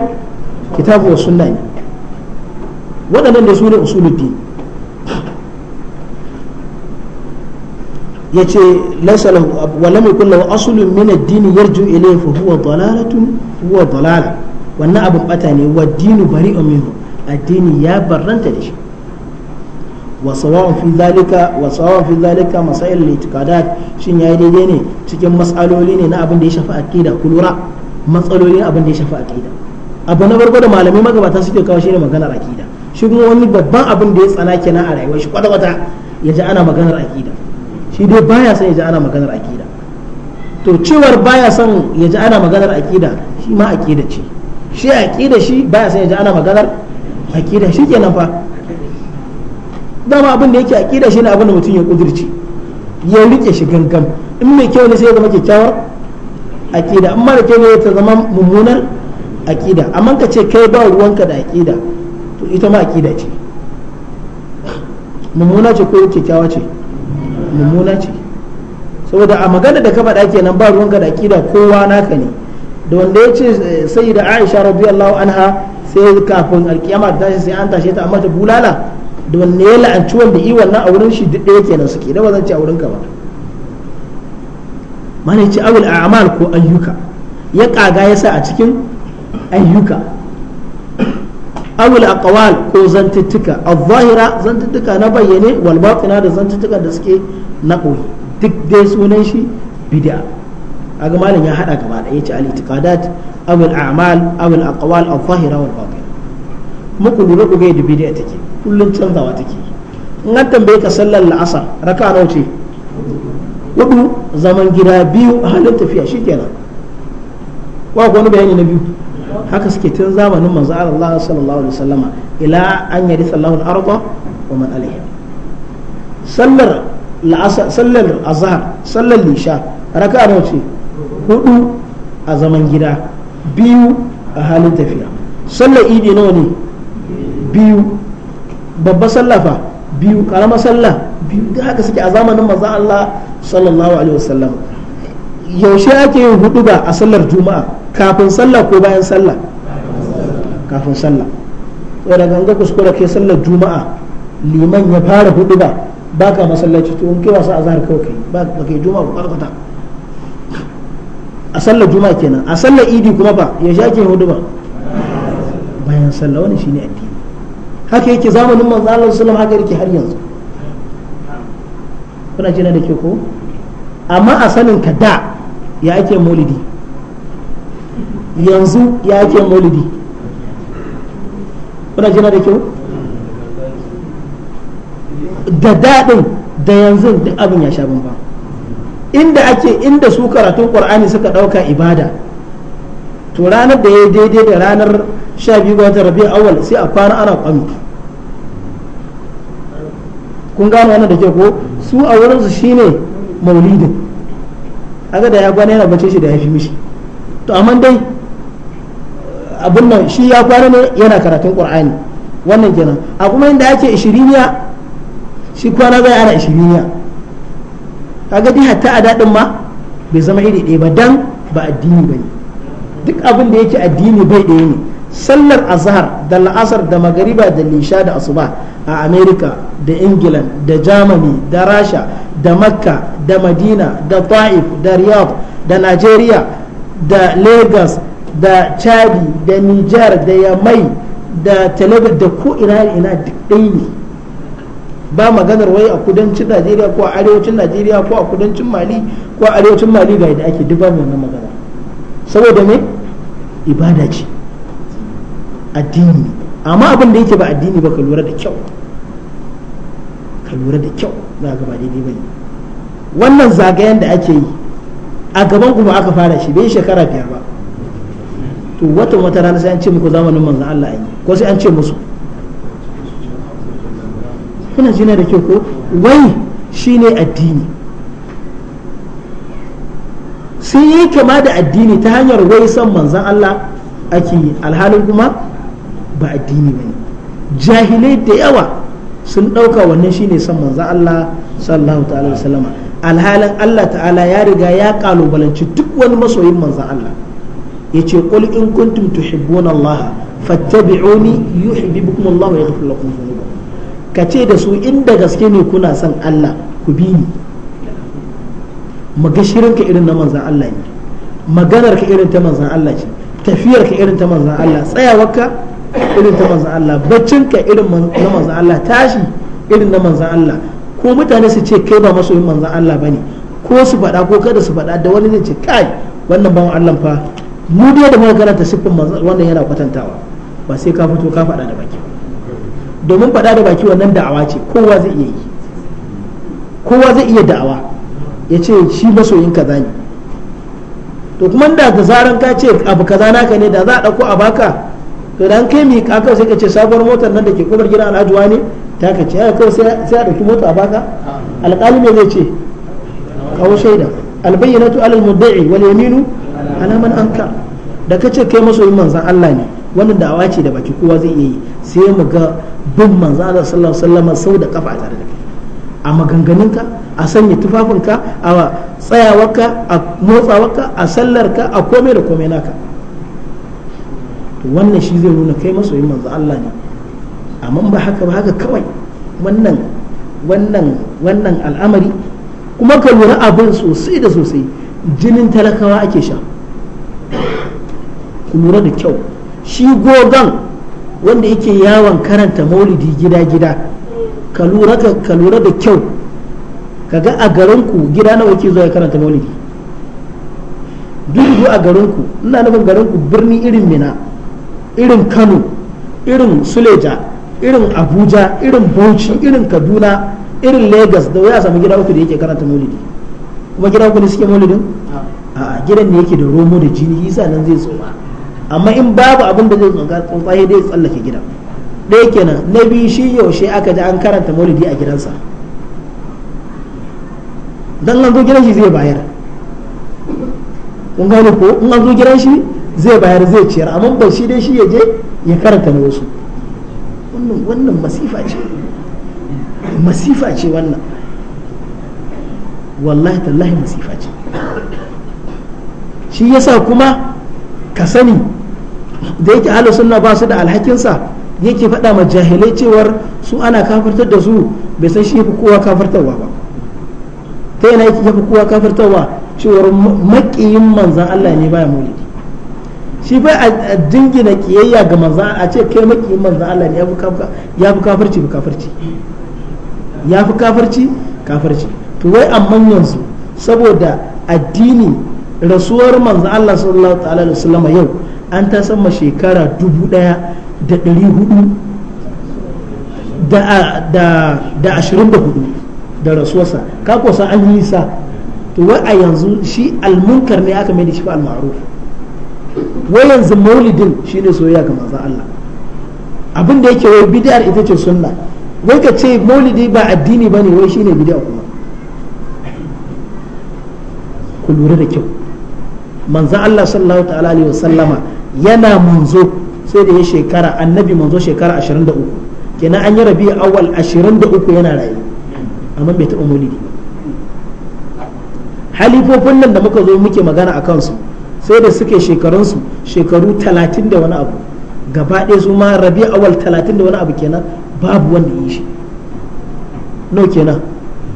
kitab wa sunna ne waɗannan da su ne usuluddin yace laysa lahu wa lam yakul lahu aslun min ad-din yarju ilayhi fa huwa dalalatun huwa dalala wannan abin bata ne wa bari bari'un minhu addini ya barranta da shi wa sawa'un fi zalika wa sawa'un fi zalika masail al-i'tiqadat shin yayi daidai ne cikin matsaloli ne na abin da ya shafi aqida kulura matsalolin abin da ya shafi aqida abu na farko da malamai magabata suke kawo shine maganar aqida shi kuma wani babban abin da ya tsana kenan a rayuwar shi kwata-kwata ya ji ana maganar aqida shi dai baya son ya ji ana maganar akida to cewar baya son ya ji ana maganar akida shi ma akida ce shi akida shi baya son ya ji ana maganar akida shi kenan fa dama abin da yake akida shi ne abin da mutum ya kudirce ya rike shi gangan in mai kyau ne sai ya zama kyakkyawar akida amma da kyau ne ta zama mummunar akida amma ka ce kai ba ruwanka da akida to ita ma akida ce mummuna ce ko kyakkyawa ce mummuna ce saboda a magana da ka faɗa kenan ba ruwan ruwanka da akida kowa naka ne da wanda ya ce eh, sai da aisha radiyallahu anha sai kafin alkiyama ta sai an tashe ta amma ta bulala da wanne ya la'anci wanda yi wannan a wurin shi duk ɗaya kenan suke da ba zan ce a wurinka ba mana ce awul a'mal ko ayyuka ya kaga yasa a cikin ayyuka awul aqwal ko zantuttuka al-zahira zantuttuka na bayyane wal da zantuttuka da suke na koyi duk dai sunan shi bid'a aga malam ya haɗa gaba da yace al-i'tiqadat aw al-a'mal aw al-aqwal al-zahira wal batina kuma ku lura ku ga yadda bid'a take kullun canzawa in an tambaye ka sallar la'asar raka hudu zaman gida biyu halin tafiya shikenan wa wani bayani na biyu haka suke tun zamanin manzo Allah sallallahu alaihi wasallama ila an yari sallahu al-arda wa man alaiha sallar la'asar sallar azhar sallar lisha raka'a nawa ce hudu a zaman gida biyu a halin tafiya sallar idi nawa ne biyu babba sallafa biyu karama sallah biyu da haka suke a zamanin manzo Allah sallallahu alaihi wasallam yaushe ake yin hudu ba a sallar juma'a kafin sallah ko bayan sallah kafin sallah saboda ganga kuskura ke sallar juma'a liman ya fara hudu ba baka masallaci to in kai wasa zahar kawai kai ba kai juma'a ba kwata a sallar juma'a kenan a sallar idi kuma ba yaushe ake yin hudu ba bayan sallah wani shine addini haka yake zamanin manzo Allah sallallahu haka yake har yanzu kuna jina da ke ko amma a sanin ka da ya ake molidi yanzu ya ake molidi kuna jina da kyau da daɗin da yanzu duk abin ya sha bambam inda ake inda su karatun ƙwar'ani suka ɗauka ibada to ranar da ya daidai da ranar sha biyu ga watan rabi awal sai a kwana ana kwami kun gano wannan da ke ko su a wurinsu shine maulidin aga da ya kwana yana bacci shi da ya fi mishi to amma dai abun nan shi ya kwana ne yana karatun qur'ani wannan kenan a kuma inda ake ishiriniya shi kwana zai ana ishiriniya kaga dai hatta a daɗin ma bai zama iri ɗaya ba dan ba addini bane duk abin da yake addini bai ɗaya ne sallar azhar da la'asar da magariba da lisha da asuba a america da England, da germany da rasha da makka da madina da ta'if da riyadh da nigeria da lagos da chadi da niger da yamai da talabar da ko ina ina duk ɗaya ne ba maganar wai a kudancin najeriya ko a arewacin najeriya ko a kudancin mali ko a arewacin mali ga yadda ake duk babu wannan magana saboda me ibada ce addini amma abin da yake ba addini ba ka lura da kyau ka lura da kyau za ka ba daidai bane wannan zagayen da ake yi a gaban kuma aka fara shi bai shekara biyar ba to watan wata rana sai an ce muku zamanin manzan Allah ayi ko sai an ce musu kuna jina da kyau ko wai shine addini sai yi kama da addini ta hanyar wai san manzan Allah ake alhalin kuma ba addini bane jahilai da yawa sun ɗauka wannan shine son manzan Allah sallallahu ta'ala wasallama alhalin Allah ta'ala ya riga ya kalubalanci duk wani masoyin manzan Allah ya ce qul in kuntum tuhibbuna Allah fattabi'uni yuhibbukum Allah wa yaghfir lakum dhunubakum kace da su inda gaske ne kuna son Allah ku bi ni magashirinka irin na manzan Allah ne maganar ka irin ta manzan Allah ce tafiyar ka irin ta manzan Allah tsayawarka irin ta manzan Allah baccin ka irin na manzan Allah tashi irin na manzan Allah ko mutane su ce kai ba masoyin manzan Allah ba ne ko su faɗa ko kada su faɗa da wani zai ce kai wannan ban Allah fa mu dai da muka karanta siffin manzan wannan yana kwatantawa ba sai ka fito ka faɗa da baki domin faɗa da baki wannan da'awa ce kowa zai iya yi kowa zai iya da'awa ya ce shi masoyin kaza ne to kuma da zaran ka ce abu kaza naka ne da za a ɗauko a baka to dan kai mi ka sai ka ce sabuwar motar nan da ke kubar gidan alhajuwa ne ta ka ce ya kawai sai a ɗauki mota a baka alƙali ne zai ce kawo shaida albayyanatu alal mudda'i wal yaminu ala man anka da kace kai masoyin manzon Allah ne wannan da'awa ce da baki kowa zai iya yi sai mu ga bin manzon Allah sallallahu alaihi wasallam sau da kafa tare da kai a maganganunka a sanya tufafinka a tsayawarka a motsawarka a sallarka a komai da komai naka to wannan shi zai nuna kai masoyin manzo Allah ne amma ba haka ba haka kawai wannan wannan wannan al'amari kuma ka lura abin sosai da sosai jinin talakawa ake sha ku lura da kyau shi gogon wanda yake yawon karanta maulidi gida-gida ka lura da kyau kaga a garin ku gida nawa ke zuwa karanta maulidi duk a ku ina nufin garin ku birni irin mina irin kano irin suleja irin abuja irin bauchi irin kaduna irin lagos da waya samu gida uku da yake karanta maulidi kuma gida uku ne suke maulidin a gidan ne yake da romo da jini isa nan zai tsoma amma in babu abin da zai tsonka tsotsa zai tsallake gidan ɗaya kenan na biyu shi yaushe aka ji an karanta maulidi a gidansa dan an zo gidan shi zai bayar kun gane ko in an zo gidan shi zai bayar zai ciyar amma ba shi dai shi ya je ya karanta na wasu wannan masifa ce masifa ce wannan wallahi tallahi masifa ce shi yasa kuma ka sani da yake halin suna ba su da alhakinsa yake faɗa ma jahilai cewar su ana kafartar da su bai san shi fi kowa kafartarwa ba ta yana yake fi kowa kafartarwa cewar maƙiyin manzan Allah ne baya maulidi shi fa a dingina kiyayya ga manza a ce kai maki manza Allah ne ya fi kafirci ba kafarci ya fi kafarci kafarci to wai amma yanzu saboda addini rasuwar manza Allah sallallahu ta'ala da sallama yau an ta sama shekara dubu daya da dari hudu da ashirin da hudu da rasuwarsa ka kosa an yi sa to wai a yanzu shi almunkar ne aka mai da shi fa al-ma'ruf wai yanzu maulidin shine soyayya ga manzon Allah abin da yake wai bid'ar ita ce sunna wai ka ce maulidi ba addini bane wai shine bid'a kuma ku lura da kyau manzon Allah sallallahu ta'ala alaihi wasallama yana manzo sai da ya shekara annabi manzo shekara 23 kenan an yi rabi awal 23 yana rayu amma bai taɓa maulidi ba halifofin nan da muka zo muke magana a kansu sai da suke shekarunsu shekaru talatin da wani abu gaba ɗaya su ma rabi awal talatin da wani abu kenan babu wanda yi shi no kenan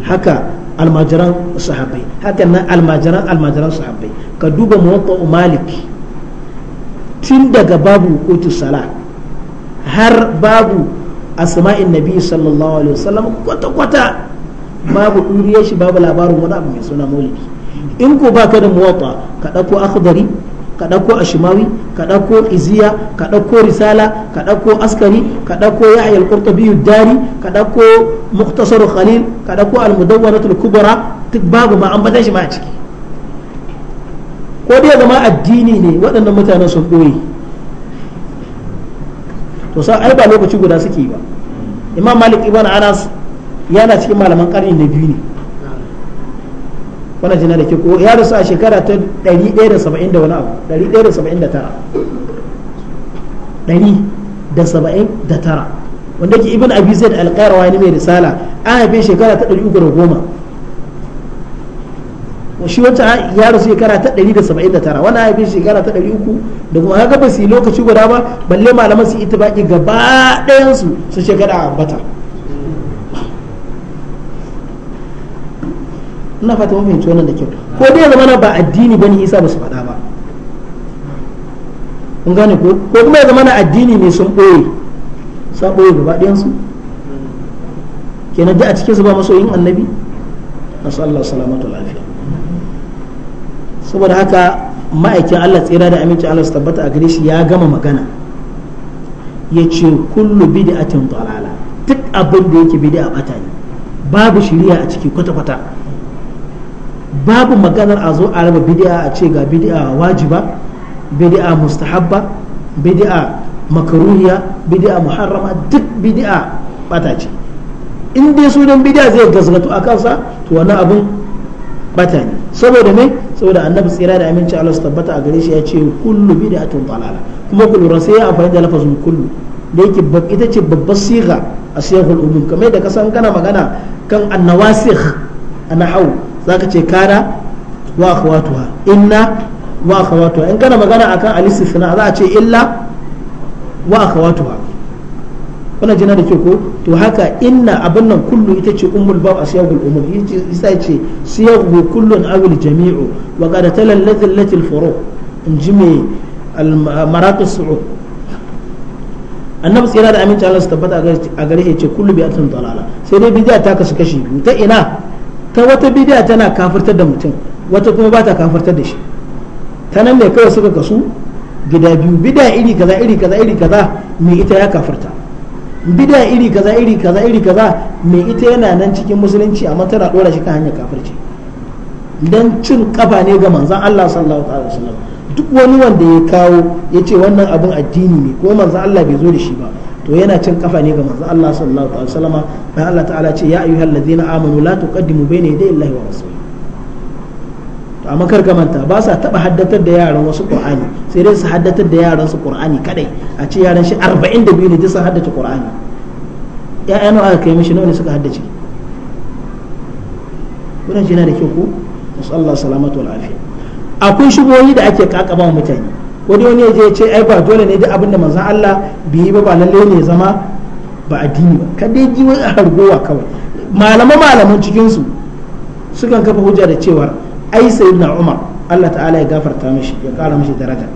haka almajiran sahabbai haka nan almajiran almajiran sahabbai ka duba muwatta malik tun daga babu kotu sala har babu asma'in nabi sallallahu alaihi wasallam kwata-kwata babu ɗuriyar shi babu labarin wani abu mai suna maulidi in ko baka da muwatta ka ɗauko akhdari ka ɗauko ashimawi ka ɗauko iziya ka ɗauko risala ka ɗauko askari ka ɗauko yahya al-qurtubi dari ka ɗauko muktasar khalil ka ɗauko al-mudawwanatul kubra duk babu ma an bada shi ma a ciki ko dai zama addini ne waɗannan mutanen sun ɓoye to sa ai ba lokaci guda suke ba imam malik ibn anas yana cikin malaman ƙarni na biyu ne wannan jina da ke ko ya rasu a shekara ta 170 da wani abu 179 179 wanda ke ibn abi zaid al-qayrawa ne mai risala an haife shekara ta 310 shi wata ya rasu shekara ta 179 wani haifin shekara ta 300 da kuma haka ba su yi lokaci guda ba balle malaman su ita baki gaba ɗayansu su shekara a ambata ina fata mafi yanci wannan da kyau ko dai zama ba addini bane isa ba su faɗa ba kun gane ko ko kuma ya zama na addini ne sun ɓoye sa ɓoye gaba ɗayan su kenan dai a cikin su ba masoyin annabi nasu Allah salamatu lafiya saboda haka ma'aikin Allah tsira da aminci Allah su tabbata a gare shi ya gama magana ya ce kullu bid'atin dalala duk abin da yake bid'a bata ne babu shiriya a ciki kwata-kwata babu maganar a zo a raba bid'a a ce ga bid'a wajiba bid'a mustahabba bid'a makaruhiya bid'a muharrama duk bid'a bata ce in dai sunan bid'a zai gasgatu a kansa to wani abin bata ne saboda me saboda annabi tsira da aminci Allah su tabbata a gare shi ya ce kullu bid'atun dalala kuma kullu sai ya amfani da lafazin kullu da yake ita ce babbar siga a siyahul umum kamar da kasan kana magana kan annawasikh a zaka ce kana wa akhawatuha inna wa akhawatuha in kana magana akan al-istisna za a ce illa wa akhawatuha wannan jina da ke ko to haka inna abin nan kullu ita ce ummul bab asyagul umum isa ce siyagu kullun awil jami'u wa qad talallat allati al-furu in ji me al-maratus su'ud annabi tsira da aminci Allah su tabbata a gare ce kullu bi'atun dalala sai dai bid'a ta kashe kashi biyu ta ina ta wata bidiya tana kafirtar da mutum wata kuma ba ta kafirtar da shi ta nan ne kawai suka kasu gida biyu bida iri kaza iri kaza iri kaza mai ita ya kafirta bida iri kaza iri kaza iri kaza mai ita yana nan cikin musulunci amma tana dora shi kan hanyar kafirci dan cin kafa ne ga manzon Allah sallallahu alaihi wasallam duk wani wanda ya kawo ya ce wannan abin addini ne ko manzon Allah bai zo da shi ba to yana cin kafa ne ga manzo Allah sallallahu alaihi wasallama dan Allah ta'ala ce ya ayyuhal ladzina amanu la tuqaddimu bayna yaday Allahi wa rasuli to amma kar ka manta ba sa taba haddatar da yaran wasu Qur'ani sai dai su haddatar da yaran su Qur'ani kadai a ce yaran shi 42 ne duk sun haddace Qur'ani ya'ya nawa aka kai mishi nawa ne suka haddace wannan shi yana da kyau ko musallallahu salamatu wal afiya akwai shubohi da ake kakaba mutane wani wani ya ce ai ba dole ne duk abin da manzon Allah bai yi ba ba lalle ne zama ba addini ba ka dai ji wani hargowa kawai malama malaman cikin su sukan kafa hujja da cewar ai na Umar Allah ta'ala ya gafarta mishi ya kara mishi daraja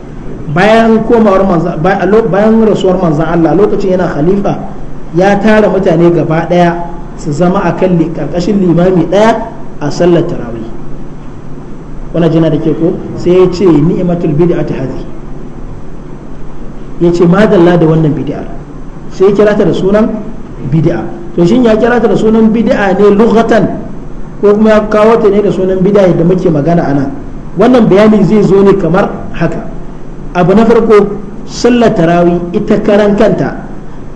bayan komawar bayan rasuwar manzan Allah lokacin yana khalifa ya tara mutane gaba daya su zama a kan karkashin limami daya a sallar tarawih wani jina da ke ko sai ya ce ni'matul bid'ati hadhihi ya ce madalla da wannan bid'a sai ya kira ta da sunan bid'a to shin ya kira ta da sunan bid'a ne lughatan ko kuma ya kawo ta ne da sunan bid'a da muke magana ana wannan bayani zai zo ne kamar haka abu na farko sallar tarawi ita karan kanta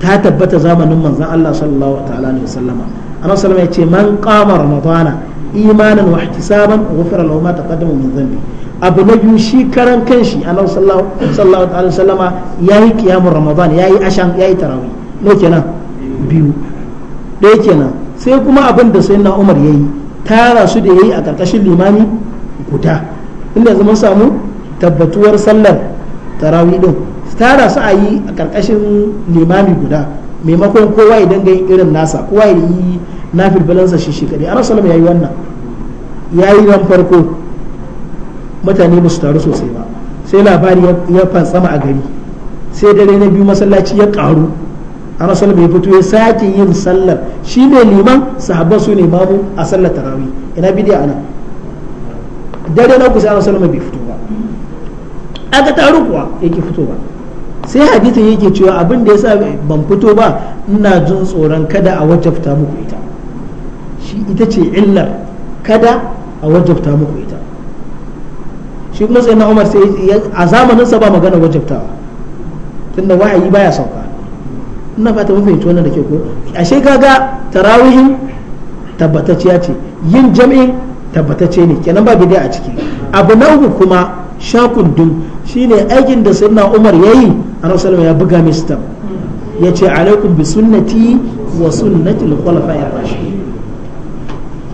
ta tabbata zamanin manzon Allah sallallahu ta'ala alaihi wasallama annabi sallallahu ya ce man qama ramadana imanan wa ihtisaban ghufira lahu ma taqaddama min dhanbi abu na biyu shi karan kanshi annabi sallallahu alaihi wasallama yi kiyamun ramadan yayi ashan yi tarawi no kenan biyu ɗaya kenan sai kuma abin da na umar ya yayi tara su da ya yi a ƙarƙashin limami guda inda zaman samu tabbatuwar sallar tarawi din tara su a yi a ƙarƙashin limami guda maimakon kowa ya ga irin nasa kowa ya yi na shi shekaru a annabi ya yi wannan ya yi ran farko mutane ba su taru sosai ba sai labari ya fansama a gari sai dare na biyu masallaci ya karu ana sallar bai fito ya sake yin sallar shi ne liman sahabban su ne mamu a sallar tarawi ina bidiya ana dare na kusa ana sallar bai fito ba aka taru kuwa yake fito ba sai hadithin yake cewa abin da sa ban fito ba ina jin tsoron kada a wajabta muku ita shi ita ce illar kada a wajabta muku ita shi kuma sai na umar sai a zamanin sa ba magana wajabtawa tunda wa'ayi baya sauka ina fata mun fahimci wannan da ke ko ashe kaga tarawihin tabbatacciya ce yin jami'in tabbatacce ne kenan ba bidai a ciki abu na uku kuma shakun dun shine aikin da sayyidina umar yayi a sallallahu ya buga mai ya ce alaikum bi sunnati wa sunnati al-khulafa'ir rashidin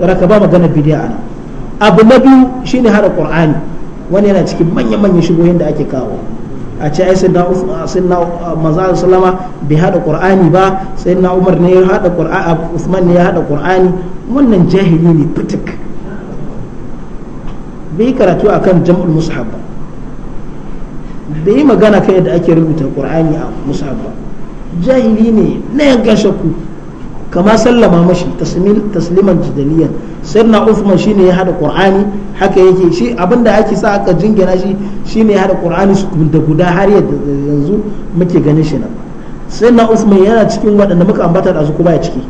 saboda ba magana nan abu na biyu shine hada qur'ani wani yana cikin manyan manyan shigoyin da ake kawo a ce ai sayyidina sayyidina manzo sallama bai hada qur'ani ba sayyidina umar ne ya hada qur'ani usman ne ya hada qur'ani wannan jahili ne fitik bai karatu akan jam'ul mushaf ba bai magana kan yadda ake rubuta qur'ani a mushaf ba jahili ne na yankan shakku kama sallama mashi tasliman jidaliyan na Uthman shine ya hada Qur'ani haka yake shi abinda ake sa aka jingina shi shine ya hada Qur'ani su da guda har yanzu muke ganin shi nan na Uthman yana cikin waɗanda muka ambata da su kuma ya ciki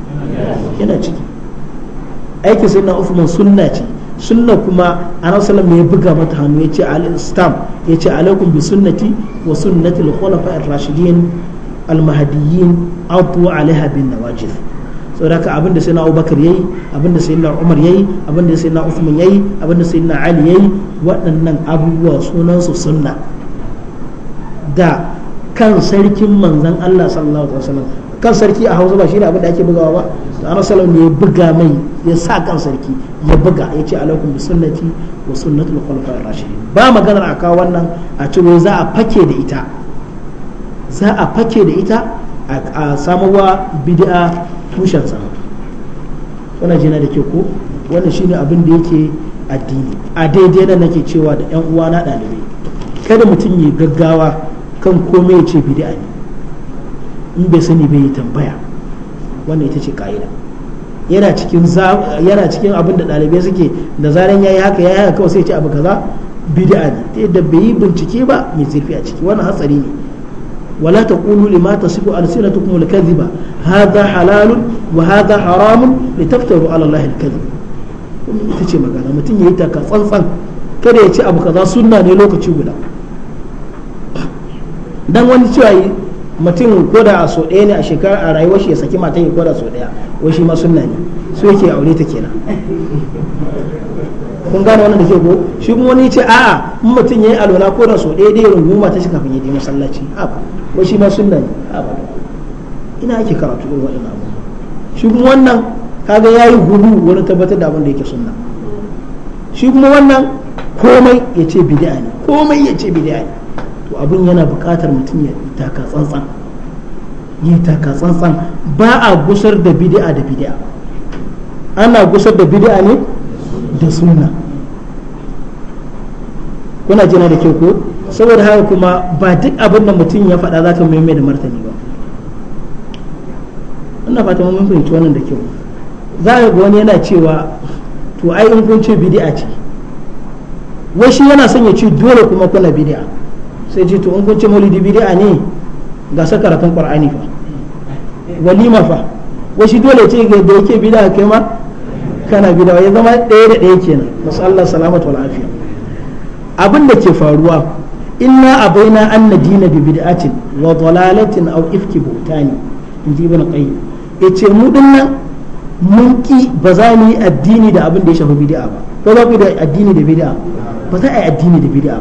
yana ciki aikin na Uthman sunna ce sunna kuma annabi sallallahu ya buga mata hannu yace al istam yace alaikum bi sunnati wa sunnati al-khulafa ar-rashidin al-mahdiyyin abu alaiha bin nawajid saboda ka abinda sai na abubakar yayi abinda sai na umar yayi abinda sai na uthman yayi abinda sai na ali yayi waɗannan abubuwa sunan su sunna da kan sarkin manzan Allah sallallahu alaihi wasallam kan sarki a Hausa ba shi ne abinda da ake bugawa ba to ana salon ya buga mai ya sa kan sarki ya buga ya ce alaikum bi sunnati wa sunnati al-khulafa'ir rashidin ba maganar a kawo wannan a ce za a fake da ita za a fake da ita a samuwa bid'a tushensa wannan na da ke ko wanda shi ne abin da yake addini a daidai nan nake cewa da yan uwa na ɗalibai kada mutum ya gaggawa kan komai ya ce bid'a ne in bai sani bai yi tambaya wannan ita ce ka'ida yana cikin yana cikin abin da ɗalibai suke da zaran yayi haka yayi haka kawai sai ce abu kaza bid'a ne ta yadda bai yi bincike ba mai zurfi a ciki wannan hatsari ne ولا تقولوا لما تصف ألسنتكم الكذب هذا حلال وهذا حرام لتفتروا على الله الكذب ita ce kada ya ce abu kaza sunna ne lokaci guda dan wani cewa yi mutum da a so ɗaya ne a shekara a rayuwar shi ya saki matan ɗaya yake aure ta kenan kun gane wannan da ke ko shi kuma wani ce a'a in mutum yayi alwala ko rasu so ɗaya rungu runguma ta shi kafin ya masallaci haba ko shi ma sunna ne haba ina ake karatu irin waɗannan abu shi kuma wannan kaga yayi gudu wani tabbatar da abin da yake sunna shi kuma wannan komai ya ce bid'a ne komai ya ce bid'a ne to abin yana buƙatar mutum ya taka tsantsan yi taka tsantsan ba a gusar da bid'a da bid'a ana gusar da bid'a ne da sunna kuna jina da ke ko saboda haka kuma ba duk abin da mutum ya faɗa za ka mai da martani ba ina fata mun fahimci wannan da kyau za ka ga wani yana cewa to ai in kun ce bid'a ce wai shi yana son ya ce dole kuma kuna bid'a sai ce to in kun ce maulidi bid'a ne ga sa karatun qur'ani fa walima fa wai shi dole ce ga da yake bid'a kai ma kana bid'a ya zama ɗaya da ɗaya kenan masallar salamatu wal afiya abin da ke faruwa inna abaina an dina bi bid'atin wa dalalatin aw ifki butani in ji ibn qayyim yace mu dinnan mun ki ba za mu yi addini da abin da ya shafi bid'a ba ko za ku yi addini da bid'a ba za a yi addini da bid'a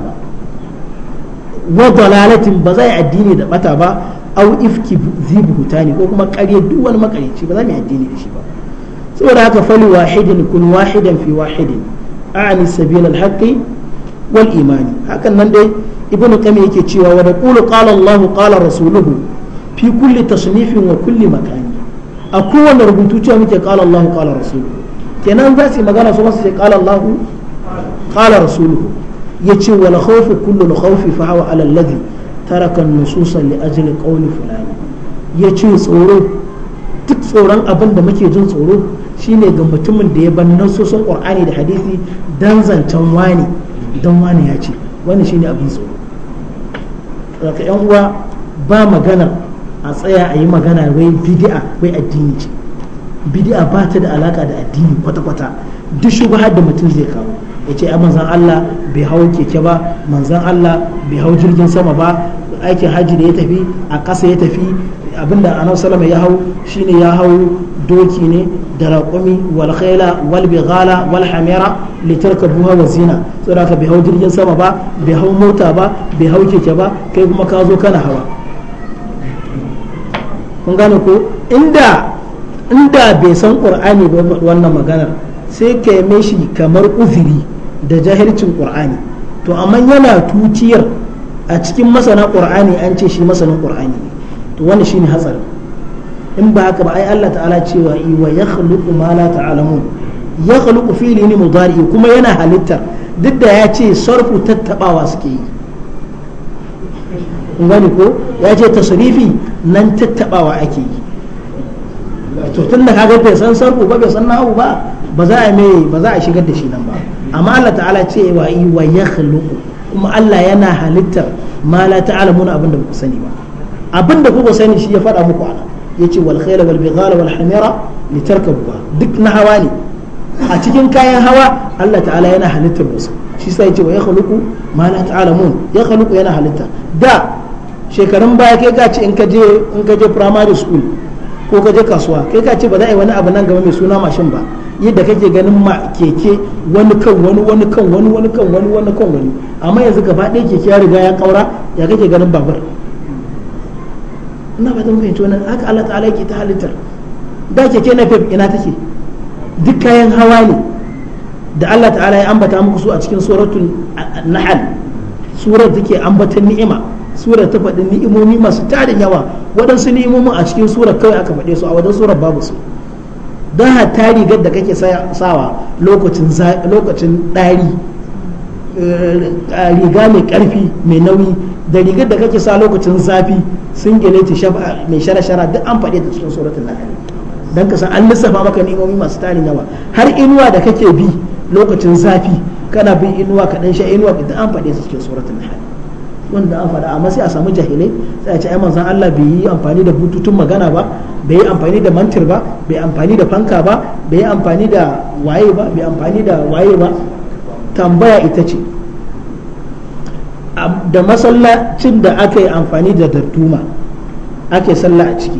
ba wa dalalatin ba za a yi addini da bata ba aw ifki zibhutani ko kuma ƙarya duk wani makarici ba za mu yi addini da shi ba saboda haka fali wahidin kun wahidan fi wahidin a'ani sabilal al-haqqi wal imani hakan nan dai ibn qayyim yake cewa wa naqulu qala Allah rasuluhu fi kulli tasnifin wa kulli makani a kowane rubutu cewa muke rasuluhu kenan za su yi magana su masu ce qala Allah qala rasuluhu yace wal khawfu kullu al khawfi fa huwa ala alladhi taraka an-nususa li ajli qawli fulani yace tsoro duk tsoron abin da muke jin tsoro shine ga mutumin da ya ban nasosin qur'ani da hadisi dan zancen wani don wani ya ce wani shi ne abin tsoro daga yan uwa ba maganar a tsaya a yi magana wai bidi'a wai addini ce bidi'a ba ta da alaka da addini kwata-kwata duk har da mutum zai kawo ya ce a manzan Allah bai hau keke ba manzan Allah bai hau jirgin sama ba aikin hajji da ya tafi a ƙasa ya tafi abinda anan salama ya hau shine ya hau doki ne da raƙumi wal khaila wal litarka wal litarkabuha wa zina saboda ka bai hau jirgin sama ba bai hau mota ba bai hau keke ba kai kuma ka zo kana hawa kun gane ko inda inda bai san qur'ani ba wannan maganar sai ka yi shi kamar uzuri da jahilcin qur'ani to amma yana tuciyar a cikin masana qur'ani an ce shi masanin qur'ani ne to wannan shine hatsarin in ba haka ba ai Allah ta'ala cewa wa yakhluqu ma la ta'lamun yakhluqu fi'li ne mudari kuma yana halittar duk da ya ce sarfu tattabawa suke yi kun gani ko ya ce tasrifi nan tattabawa ake yi to tun da kaga bai san sarfu ba bai san nahu ba ba za a mai ba za a shigar da shi nan ba amma Allah ta'ala ce wa wa yakhluqu kuma Allah yana halittar ma la ta'lamuna abinda ba ku sani ba abinda ku ba sani shi ya faɗa muku anan yace wal khayla wal bighala wal hamira litarkabuha duk na hawa ne a cikin kayan hawa Allah ta'ala yana halitta wasu shi sai yace wa ya khaluqu ma la ta'lamun ya yana halitta da shekarun baya kai ka ce in ka je in ka je primary school ko ka je kasuwa kai ka ce ba za a yi wani abu nan gaba mai suna mashin ba yadda kake ganin ma keke wani kan wani wani kan wani wani kan wani wani kan wani amma yanzu gaba ɗaya keke ya riga ya kaura ya kake ganin babur ina ba ta fahimci wannan haka Allah ta'ala yake ta halittar da keke na fef ina take duk kayan hawa ne da Allah ta'ala ya ambata muku su a cikin suratul nahl surar ke ambata ni'ima surar ta faɗi ni'imomi masu tarin yawa waɗansu ni'imomin a cikin surar kawai aka faɗe su a wajen surar babu su don ha rigar da kake sawa lokacin ɗari eh, riga mai ƙarfi mai nauyi da rigar da kake sa lokacin zafi sun gele ta shafa mai shara-shara duk an faɗe ta cikin suratul nahl dan ka san an lissafa maka ni'imomi masu tani yawa har inuwa da kake bi lokacin zafi kana bin inuwa ka dan sha inuwa duk an faɗe ta cikin suratul nahl wanda an faɗa amma sai a samu jahilai sai a ce ai manzon Allah bai yi amfani da bututun magana ba bai yi amfani da mantir ba bai amfani da fanka ba bai yi amfani da waye ba bai amfani da waye ba tambaya ita ce da masallacin da aka yi amfani da dattuma ake sallah a ciki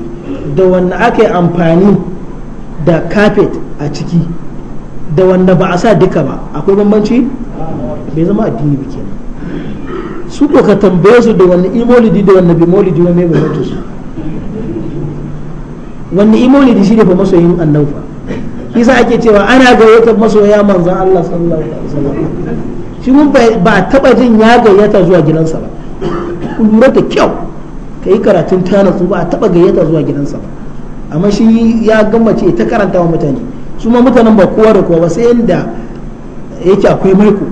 da wanda aka yi amfani da carpet a ciki da wanda ba a sa duka ba akwai bambanci bai zama addini ba kenan su ka tambaye su da wani imolidi da wani bimolidi wani mai bambanci su wani imolidi shi ne ba masoyin annaufa isa ake cewa ana wata masoya manzan Allah sallallahu alaihi wasallam shi mun ba taba jin ya gayyata zuwa gidansa ba lura da kyau ka yi karatun ta natsu ba a taba gayyata zuwa gidansa ba amma shi ya ce ta karanta wa mutane su ma mutanen ba kowa da kowa ba sai inda yake akwai maiko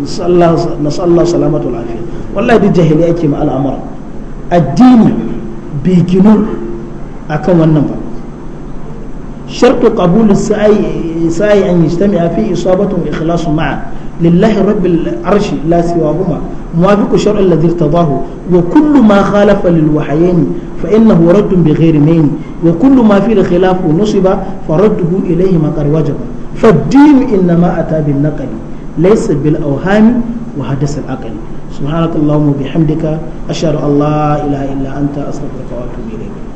nasallah salamatu lafiya wallahi duk jahili ake ma al'amura addini bai ginu akan wannan ba shartu qabul sa'i yi an yajtami'a fi isabatun ikhlasu ma'a لله رب العرش لا سواهما موافق الشرع الذي ارتضاه وكل ما خالف للوحيين فإنه رد بغير مين وكل ما فيه الخلاف نصب فرده إليه ما قد وجب فالدين إنما أتى بالنقل ليس بالأوهام وحدث العقل سبحانك اللهم وبحمدك أشهد أن لا إله إلا أنت أستغفرك وأتوب إليك